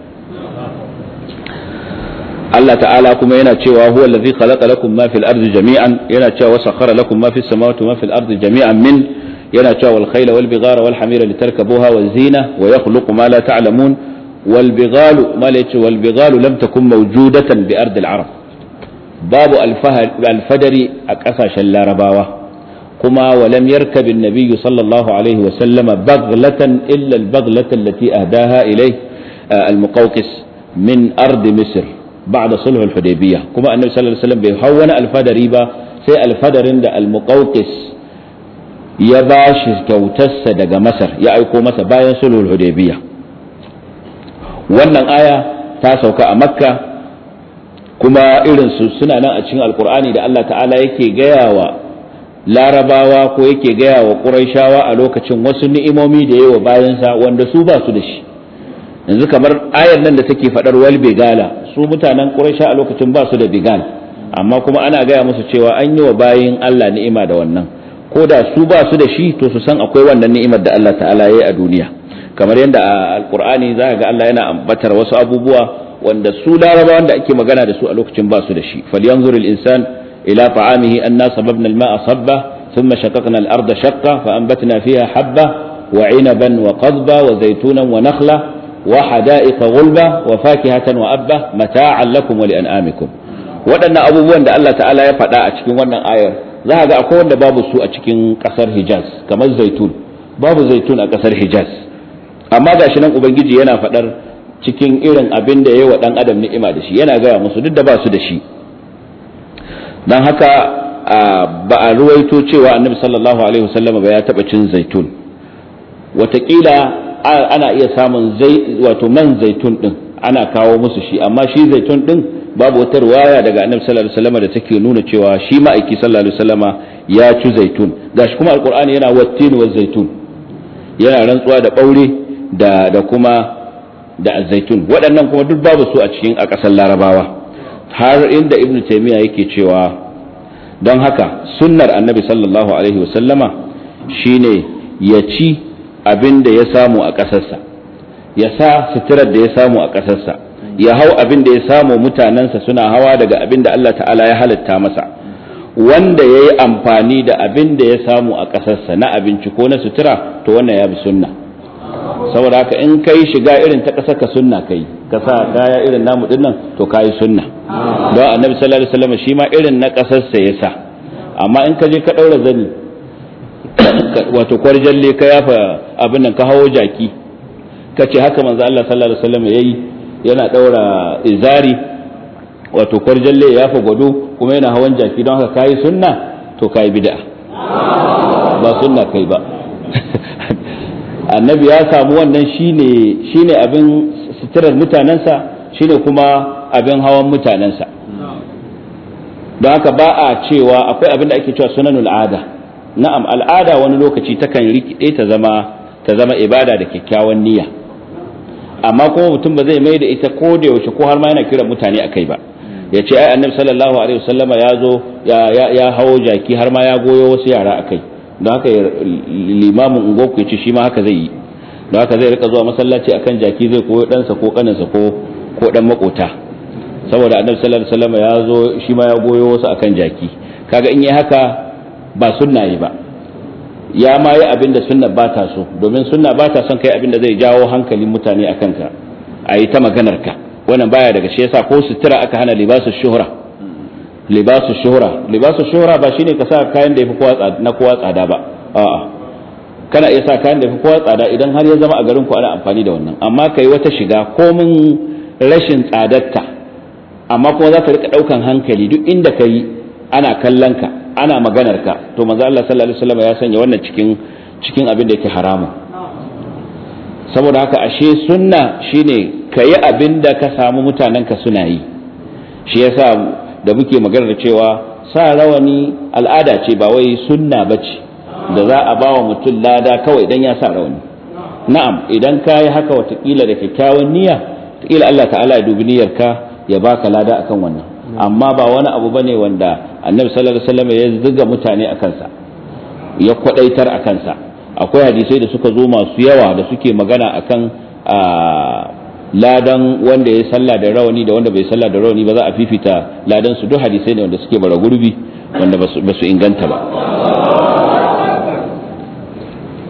Allah ta'ala kuma yana cewa huwa allazi khalaqa lakum ma fil ardi jami'an yana cewa sakhara lakum ma fis samawati ma fil ardi jami'an min yana cewa wal khayla wal bighara wal hamira litarkabuha wal zina wa yakhluqu ma la ta'lamun wal bigalu ma la wal bigalu lam takun mawjudatan bi ardi arab babu alfadari a ƙasashen larabawa kuma walam yarkabin nabiyyu sallallahu alaihi wa sallama baglatan illa albaglatan lati ahdaha ilai almuqawqis min ardi misr ba'da sulh alhudaybiyah kuma annabi sallallahu alaihi wasallam bai hawwana alfadari ba sai alfadarin da almuqawqis ya bashi kyautarsa daga masar ya aiko masa bayan sulh alhudaybiyah wannan aya ta sauka a makka kuma irin su suna nan a cikin alkur'ani da Allah ta'ala yake gayawa larabawa ko yake gayawa quraishawa a lokacin wasu ni'imomi da yawa bayansa wanda su ba su da shi yanzu kamar ayar nan da take faɗar wal bigala su mutanen quraisha a lokacin ba su da bigal amma kuma ana gaya musu cewa an yi wa bayin Allah ni'ima da wannan ko da su ba su da shi to su san akwai wannan ni'imar da Allah ta'ala ya yi a duniya kamar yadda a alkur'ani za ga Allah yana ambatar wasu abubuwa wanda su laraba wanda ake magana da su a lokacin ba su da shi falyanzur al-insan ila ta'amihi anna sababna al-ma'a sabba thumma shaqaqna al-arda shaqqa fa anbatna fiha habba wa 'inaban wa qadba wa zaytunan wa nakhla wa hada'iqa ghulba wa fakihatan wa abba mata'an lakum wa li'an'amikum waɗannan abubuwan da Allah ta'ala ya faɗa a cikin wannan ayar za ga akwai wanda babu su a cikin ƙasar Hijaz kamar zaitun babu zaitun a ƙasar Hijaz amma gashi nan ubangiji yana faɗar cikin irin abin da yi wa dan adam ni'ima da shi yana gaya musu duk da ba su da shi dan haka ba a ruwaito cewa annabi sallallahu alaihi wasallam ba ya taba cin zaitun watakila ana iya samun wato man zaitun ɗin ana kawo musu shi amma shi zaitun ɗin babu wata ruwaya daga annabi sallallahu alaihi wasallam da take nuna cewa shi ma'aiki sallallahu alaihi wasallam ya ci zaitun gashi kuma alqur'ani yana wattin wa zaitun yana rantsuwa da baure da kuma da azaitun waɗannan kuma duk babu su a cikin a ƙasar larabawa har inda Ibn taimiyya yake cewa don haka sunnar annabi sallallahu alaihi wasallama shine ya ci abin da ya samu a ƙasarsa ya sa suturar da ya samu a ƙasarsa ya hau abin da ya samu mutanensa suna hawa daga abin da Allah ta'ala ya halatta masa wanda ya yi amfani da abin da ya samu a ƙasarsa na abinci ko na sutura to wannan ya bi sunna saboda haka in kai shiga irin ta ƙasa ka sunna kai ka sa kaya irin namu din nan to kai sunna don annabi sallallahu alaihi wasallam shi ma irin na ƙasar sa yasa amma in ka je ka daura zani wato kwarjalle ka yafa abin nan ka hawo jaki ka ce haka manzo Allah sallallahu alaihi wasallam yayi yana daura izari wato kwarjalle ya yafa gwado kuma yana hawan jaki don haka kai sunna to kai bid'a ba sunna kai ba annabi ya samu wannan shine shine abin suturar mutanensa shine kuma abin hawan mutanensa don haka ba a cewa akwai abin da ake cewa sunan ada na'am al'ada wani lokaci takan rikide ta zama ta zama ibada da kyakkyawan niyya amma kuma mutum ba zai mai da ita ko da yaushe ko har ma yana kiran mutane akai ba ya ce ai annabi sallallahu alaihi wasallama ya zo ya ya hawo jaki har ma ya goyo wasu yara akai da haka limamin unguwarku ya ce shi ma haka zai yi da haka zai rika zuwa masallaci akan jaki zai koyo ɗansa ko ƙaninsa ko ko ɗan makota saboda annabi sallallahu alaihi wasallam ya zo shi ma ya goyo wasu akan jaki kaga in yi haka ba sunna yi ba ya ma yi abin da sunna ba ta so domin sunna ba ta son kai abin da zai jawo hankalin mutane akan ka a yi ta maganar ka wannan baya daga shi yasa ko sutura aka hana libasu shuhura libasu shura libasu shura ba shine ka sa kayan da yafi kowa na kowa tsada ba a'a kana iya sa kayan da yafi kowa tsada idan har ya zama a garin ku ana amfani da wannan amma kai wata shiga ko komin rashin tsadarta amma kuma za ka rika daukan hankali duk inda kai ana kallon ka ana maganar ka to manzo Allah sallallahu alaihi wasallam ya sanya wannan cikin cikin abin da yake haramun saboda haka ashe sunna shine kayi abin da ka samu mutanen ka suna yi shi yasa da muke maganar cewa sa rawani al'ada ce ba wai sunna ba ce da za a bawa mutum lada kawai idan ya sa rawani na'am idan ka yi haka watakila da kyakkyawan niyya watakila Allah ta'ala ya dubi niyyarka ya baka lada akan wannan amma ba wani abu bane wanda Annabi sallallahu alaihi wasallam ya zuga mutane akan sa ya kwadaitar akan sa akwai hadisai da suka zo masu yawa da suke magana akan ah, ladan wanda ya sallah da rawani da wanda bai sallah da rawani ba za a fifita ladan su duk hadisai ne wanda suke bara gurbi wanda ba su inganta ba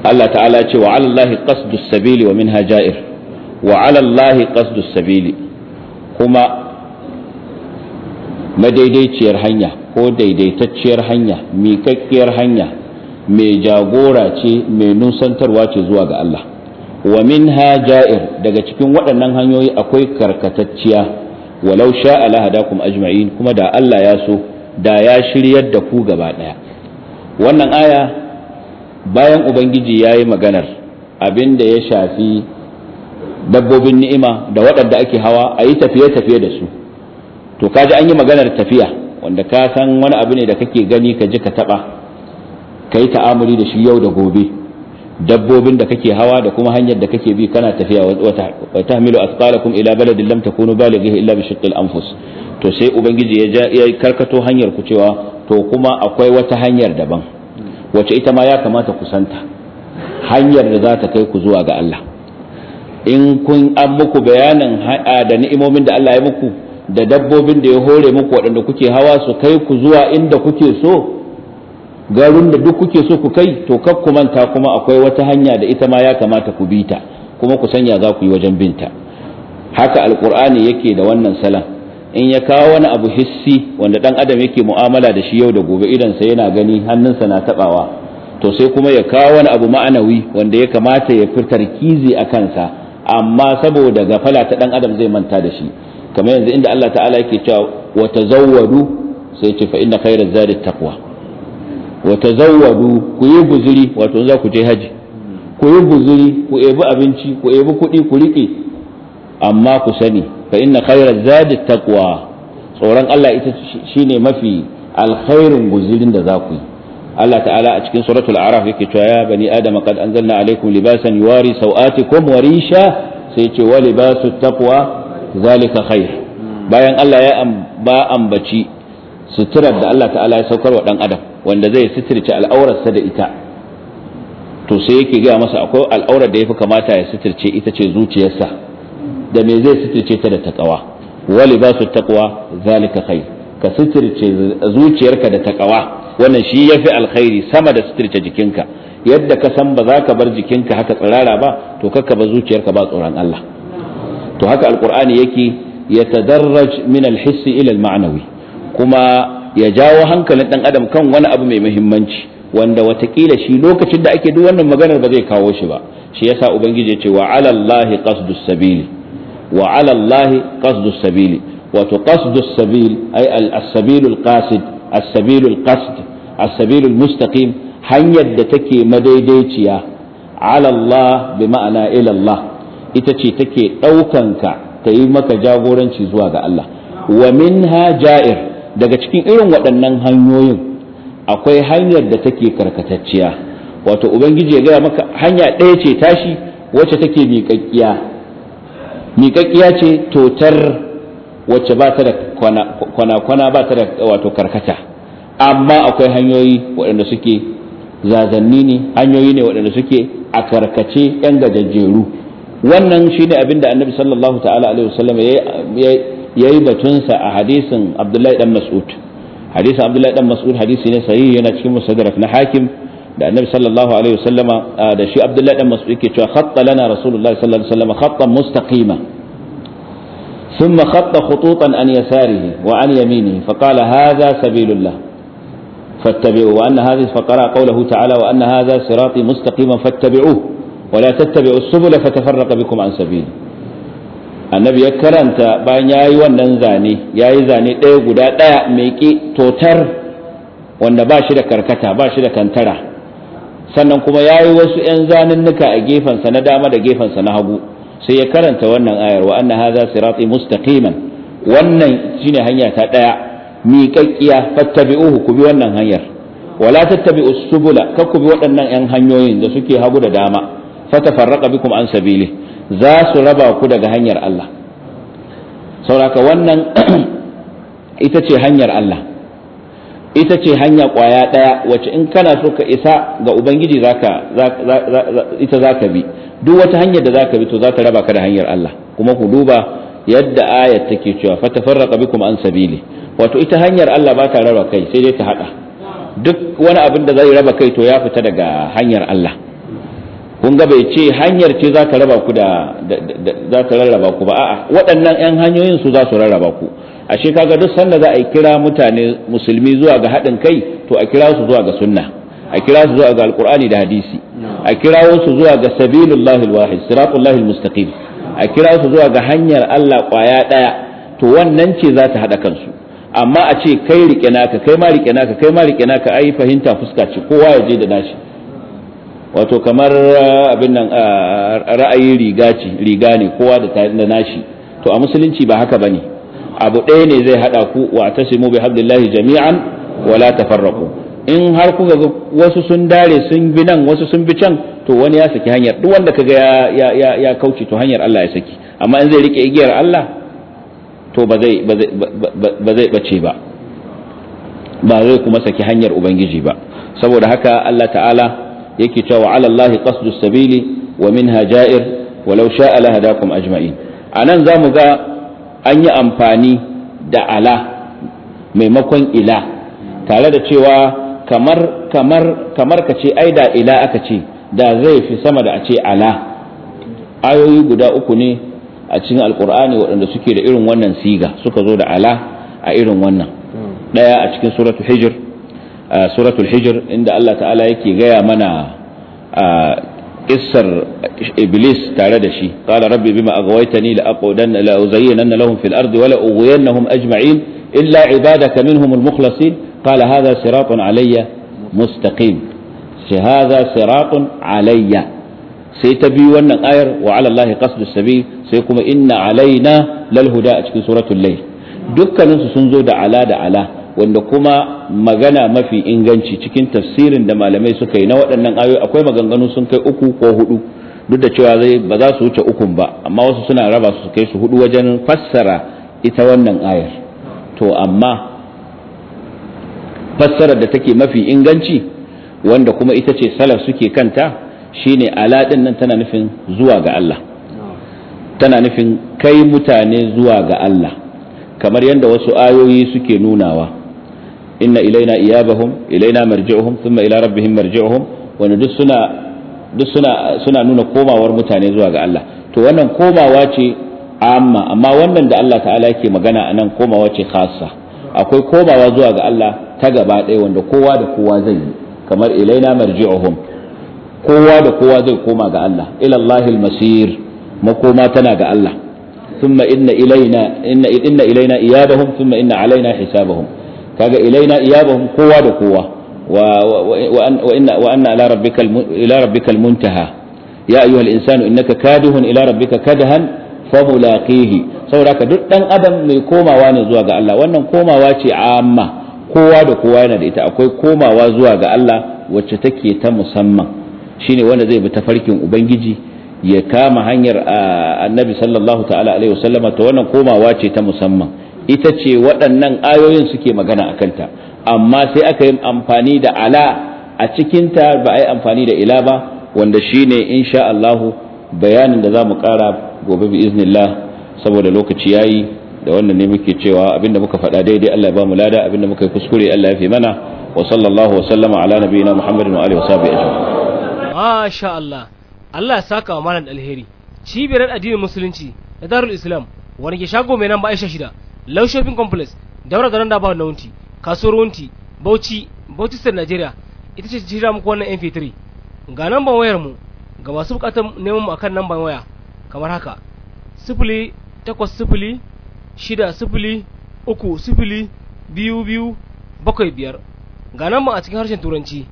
Allah ta'ala ce wa ala Allahi qasdu sabili wa minha ja'ir wa ala qasdu sabili kuma madaidaiciyar hanya ko daidaitacciyar hanya miƙaƙƙiyar hanya mai jagora ce mai nusantarwa ce zuwa ga Allah wa minha ja'ir daga cikin waɗannan hanyoyi akwai karkatacciya walau sha'a da kuma ajma'in kuma da Allah ya so da ya shiryar da ku gaba ɗaya wannan aya bayan ubangiji ya yi maganar abin da ya shafi dabbobin ni'ima da waɗanda ake hawa a yi tafiye-tafiye da su to kaji an yi maganar tafiya wanda ka san wani abu ne da kake gani ka ji ka taɓa ka yi ta'amuri da shi yau da gobe dabbobin da kake hawa da kuma hanyar da kake bi kana tafiya wa tahmilu asqalakum ila baladin lam takunu balighi illa bi shiqqil anfus to sai ubangiji ya ya karkato hanyar ku cewa to kuma akwai wata hanyar daban wace ita ma ya kamata ku santa hanyar da za ta kai ku zuwa ga Allah in kun an muku bayanin da ni'imomin da Allah ya muku da dabbobin da ya hore muku waɗanda kuke hawa su kai ku zuwa inda kuke so garin da duk kuke so ku kai to kar ku manta kuma akwai wata hanya da ita ma ya kamata ku bi ta kuma ku sanya za ku yi wajen binta haka alqur'ani yake da wannan salan in ya kawo wani abu hissi wanda dan adam yake mu'amala da shi yau da gobe idan sa yana gani hannunsa na tabawa to sai kuma ya kawo wani abu ma'anawi wanda ya kamata ya fitar kizi a kansa amma saboda gafala ta dan adam zai manta da shi kamar yanzu inda Allah ta'ala yake cewa wa tazawwadu sai ce fa inna khayra zadi taqwa wa tazawwadu ku yi guziri, wato za ku je haji ku yi guziri, ku ebi abinci ku ebi kuɗi ku riƙe amma ku sani fa inna khayra zadi taqwa tsoron Allah ita shine mafi alkhairin guzirin da za ku yi Allah ta'ala a cikin suratul araf yake cewa ya bani adama qad anzalna alaikum libasan yuwari sawatikum wa risha sai ce wa libasu taqwa zalika khair hmm. bayan Allah ya ba ambaci suturar da Allah ta'ala ya saukar wa dan adam wanda zai sitirce al'aurarsa da ita to sai yake gaya masa akwai al'aurar da ya fi kamata ya sitirce ita ce zuciyarsa da me zai sitirce ta da Wali ba su taqwa zalika khair ka sitirce zuciyarka da taqwa wannan shi yafi alkhairi sama da sitirce jikinka yadda ka san ba za ka bar jikinka haka tsirara ba to kakka ba zuciyarka ba tsoron Allah to haka Alƙur'ani yake ya yatadarraj min alhissi ila alma'nawi kuma ya jawo hankalin ɗan adam kan wani abu mai muhimmanci wanda watakila shi lokacin da ake duk wannan maganar ba zai kawo shi ba shi yasa ubangiji ya ce wa alallahi qasdus sabili wa alallahi qasdus sabili wato qasdus sabil ay al-sabilul qasid as-sabilul qasd as-sabilul mustaqim hanyar da take madaidaiciya alallah bi ma'ana ila Allah ita ce take ka ta yi maka jagoranci zuwa ga Allah wa minha ja'ir daga cikin irin waɗannan hanyoyin akwai hanyar da take karkatacciya wato ubangiji ya gaya maka hanya ɗaya ce tashi wacce take miƙaƙƙiya miƙaƙƙiya ce totar wacce ba ta da kwana-kwana ba ta da wato karkata amma akwai hanyoyi waɗanda suke zazanni ne hanyoyi ne waɗanda suke a karkace ƴan gajajjeru wannan shine abin da annabi sallallahu ta'ala alaihi wasallam ya yayi batunsa a hadisin Abdullahi dan Mas'ud hadisin Abdullahi dan Mas'ud hadisi ne sahihi yana cikin musaddarak na Hakim da Annabi sallallahu alaihi wasallama da shi Abdullahi dan Mas'ud yake cewa khatta lana Rasulullahi sallallahu alaihi wasallama khatta mustaqima ثم خط خطوطا عن يساره وعن يمينه فقال هذا سبيل الله فاتبعوه وأن هذه فقرأ قوله تعالى وأن هذا صراطي مستقيما فاتبعوه ولا تتبعوا السبل فتفرق بكم عن سبيله annabi ya karanta bayan ya yi wannan zane ya yi zane ɗaya guda ɗaya mai ƙi totar wanda ba shi da karkata ba shi da kantara sannan kuma ya yi wasu 'yan zanunnuka a gefensa na dama da gefensa na hagu sai ya karanta wannan ayar wa anna su sirati mustaqiman wannan shine hanya ta ɗaya miƙaƙƙiya fattabi'uhu ku bi wannan hanyar wala tattabi'us subula ka ku bi waɗannan 'yan hanyoyin da suke hagu da dama fatafarraqa bikum an sabili za su raba ku daga hanyar Allah sauraka wannan ita ce hanyar Allah ita ce hanya kwaya ɗaya wacce in kana so ka isa ga ubangiji ita za ka bi duk wata hanyar da za ka bi to za ta raba ka da hanyar Allah kuma ku duba yadda ayat take cewa fatafarraqa bikum an sabili wato ita hanyar Allah ba ta raba kai sai dai ta hada duk wani abin da zai raba kai to ya fita daga hanyar Allah kun ga bai ce hanyar ce za ka raba ku da za ka rarraba ku ba a'a waɗannan 'yan hanyoyin su za su rarraba ku ashe kaga duk sanda za a yi kira mutane musulmi zuwa ga haɗin kai to a kira su zuwa ga sunna a kira su zuwa ga Alƙur'ani da hadisi a kira su zuwa ga sabilullahi alwahid siratullahi almustaqim a kira su zuwa ga hanyar Allah ƙwaya ɗaya to wannan ce za ta haɗa kansu amma a ce kai rike naka kai ma rike naka kai ma rike naka ai fahimta fuska ce kowa ya je da nashi wato kamar ah, abin nan ah, ra'ayi riga ce riga ne kowa da da nashi to a musulunci ba haka bane abu ɗaya ne zai hada ku wa tasimu bi hablillahi jami'an wa la tafarraqu in har ku ga wasu sun dare sun bi nan wasu sun bi can to wani ya saki hanyar duk wanda kaga ya ya ya kauce to hanyar Allah ya saki amma in zai rike igiyar Allah to ba zai ba zai ba zai bace ba ba zai kuma saki hanyar ubangiji ba saboda haka Allah ta'ala yake cewa ala Allah qasdu sabili wa minha ja'ir walau sha'a la hadakum ajma'in anan zamu ga an yi amfani da ala maimakon ila tare da cewa kamar kamar kamar ka ce ai da ila aka ce da zai fi sama da a ce ala ayoyi guda uku ne a cikin alkur'ani waɗanda suke da irin wannan siga suka zo da ala a irin wannan hmm. ɗaya a cikin suratu hijr suratul hijr inda Allah ta'ala yake gaya mana kissar iblis tare da shi qala rabbi bima aghwaytani la aqudanna la uzayyinanna lahum fil ardi wa la ughwiyannahum ajma'in illa ibadaka minhum al mukhlasin qala hadha siratun alayya mustaqim shi hadha siratun alayya sai ta biyu wannan ayar wa ala allahi qasdus sabil sai kuma inna alaina lal huda a cikin suratul layl dukkaninsu sun zo da ala da ala wanda kuma magana mafi inganci cikin tafsirin da malamai suka yi na waɗannan ayoyi akwai maganganu sun kai uku ko hudu duk da cewa zai ba za su wuce ukun ba amma wasu suna raba su kai su hudu wajen fassara ita wannan ayar to amma fassarar da take mafi inganci wanda kuma ita ce salaf suke kanta shine din nan tana nufin zuwa ga Allah tana nufin kai mutane zuwa ga Allah kamar yadda wasu ayoyi suke nunawa inna ilaina iyabahum ilaina marji'uhum thumma ila rabbihim marji'uhum wanda duk suna duk suna suna nuna komawar mutane zuwa ga Allah to wannan komawa ce amma amma wannan da Allah ta'ala yake magana anan komawa ce khassa akwai komawa zuwa ga Allah ta gaba ɗaya wanda kowa da kowa zai yi kamar ilaina marji'uhum kowa da kowa zai koma ga Allah ila Allahil masir makoma tana ga Allah ثم inna ilaina إن إن إلينا إيابهم ثم إن علينا حسابهم kaga ilaina iyabahum kowa da kowa wa anna ila rabbika muntaha ya ayyuhal insanu innaka kadihun ila rabbika kadahan famulaqihi saboda duk dan adam mai komawa ne zuwa ga Allah wannan komawa ce amma kowa da kowa yana da ita akwai komawa zuwa ga Allah wacce take ta musamman shine wanda zai bi tafarkin ubangiji ya kama hanyar annabi sallallahu ta'ala alaihi wasallama to wannan komawa ce ta musamman ita ce waɗannan ayoyin suke magana a kanta amma sai aka yi amfani da ala a cikinta ba a yi amfani da ila ba wanda shi ne insha Allahu bayanin da za mu ƙara gobe bi iznillah saboda lokaci ya yi da wannan ne muke cewa abinda muka faɗa daidai Allah ya ba mu lada abinda muka yi kuskure Allah ya fi mana wa sallallahu wa sallama ala nabiyina Muhammadin wa alihi wa sahbihi ajma'in masha Allah Allah ya saka wa malam alheri cibiyar addinin musulunci da darul islam wani ke shago mai nan ba aisha shida low Shopping Complex daura garin da ba na wunti kasuwar wunti Bauchi Bauchi sir Nigeria ita ce jira muku wannan MP3 ga namban wayar mu ga masu bukatar neman mu akan namban waya kamar haka 0800 sifili uku sifili biyu biyu biyar ga number a cikin harshen turanci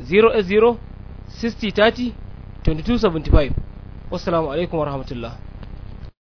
0 2275 60 alaikum warahmatullahi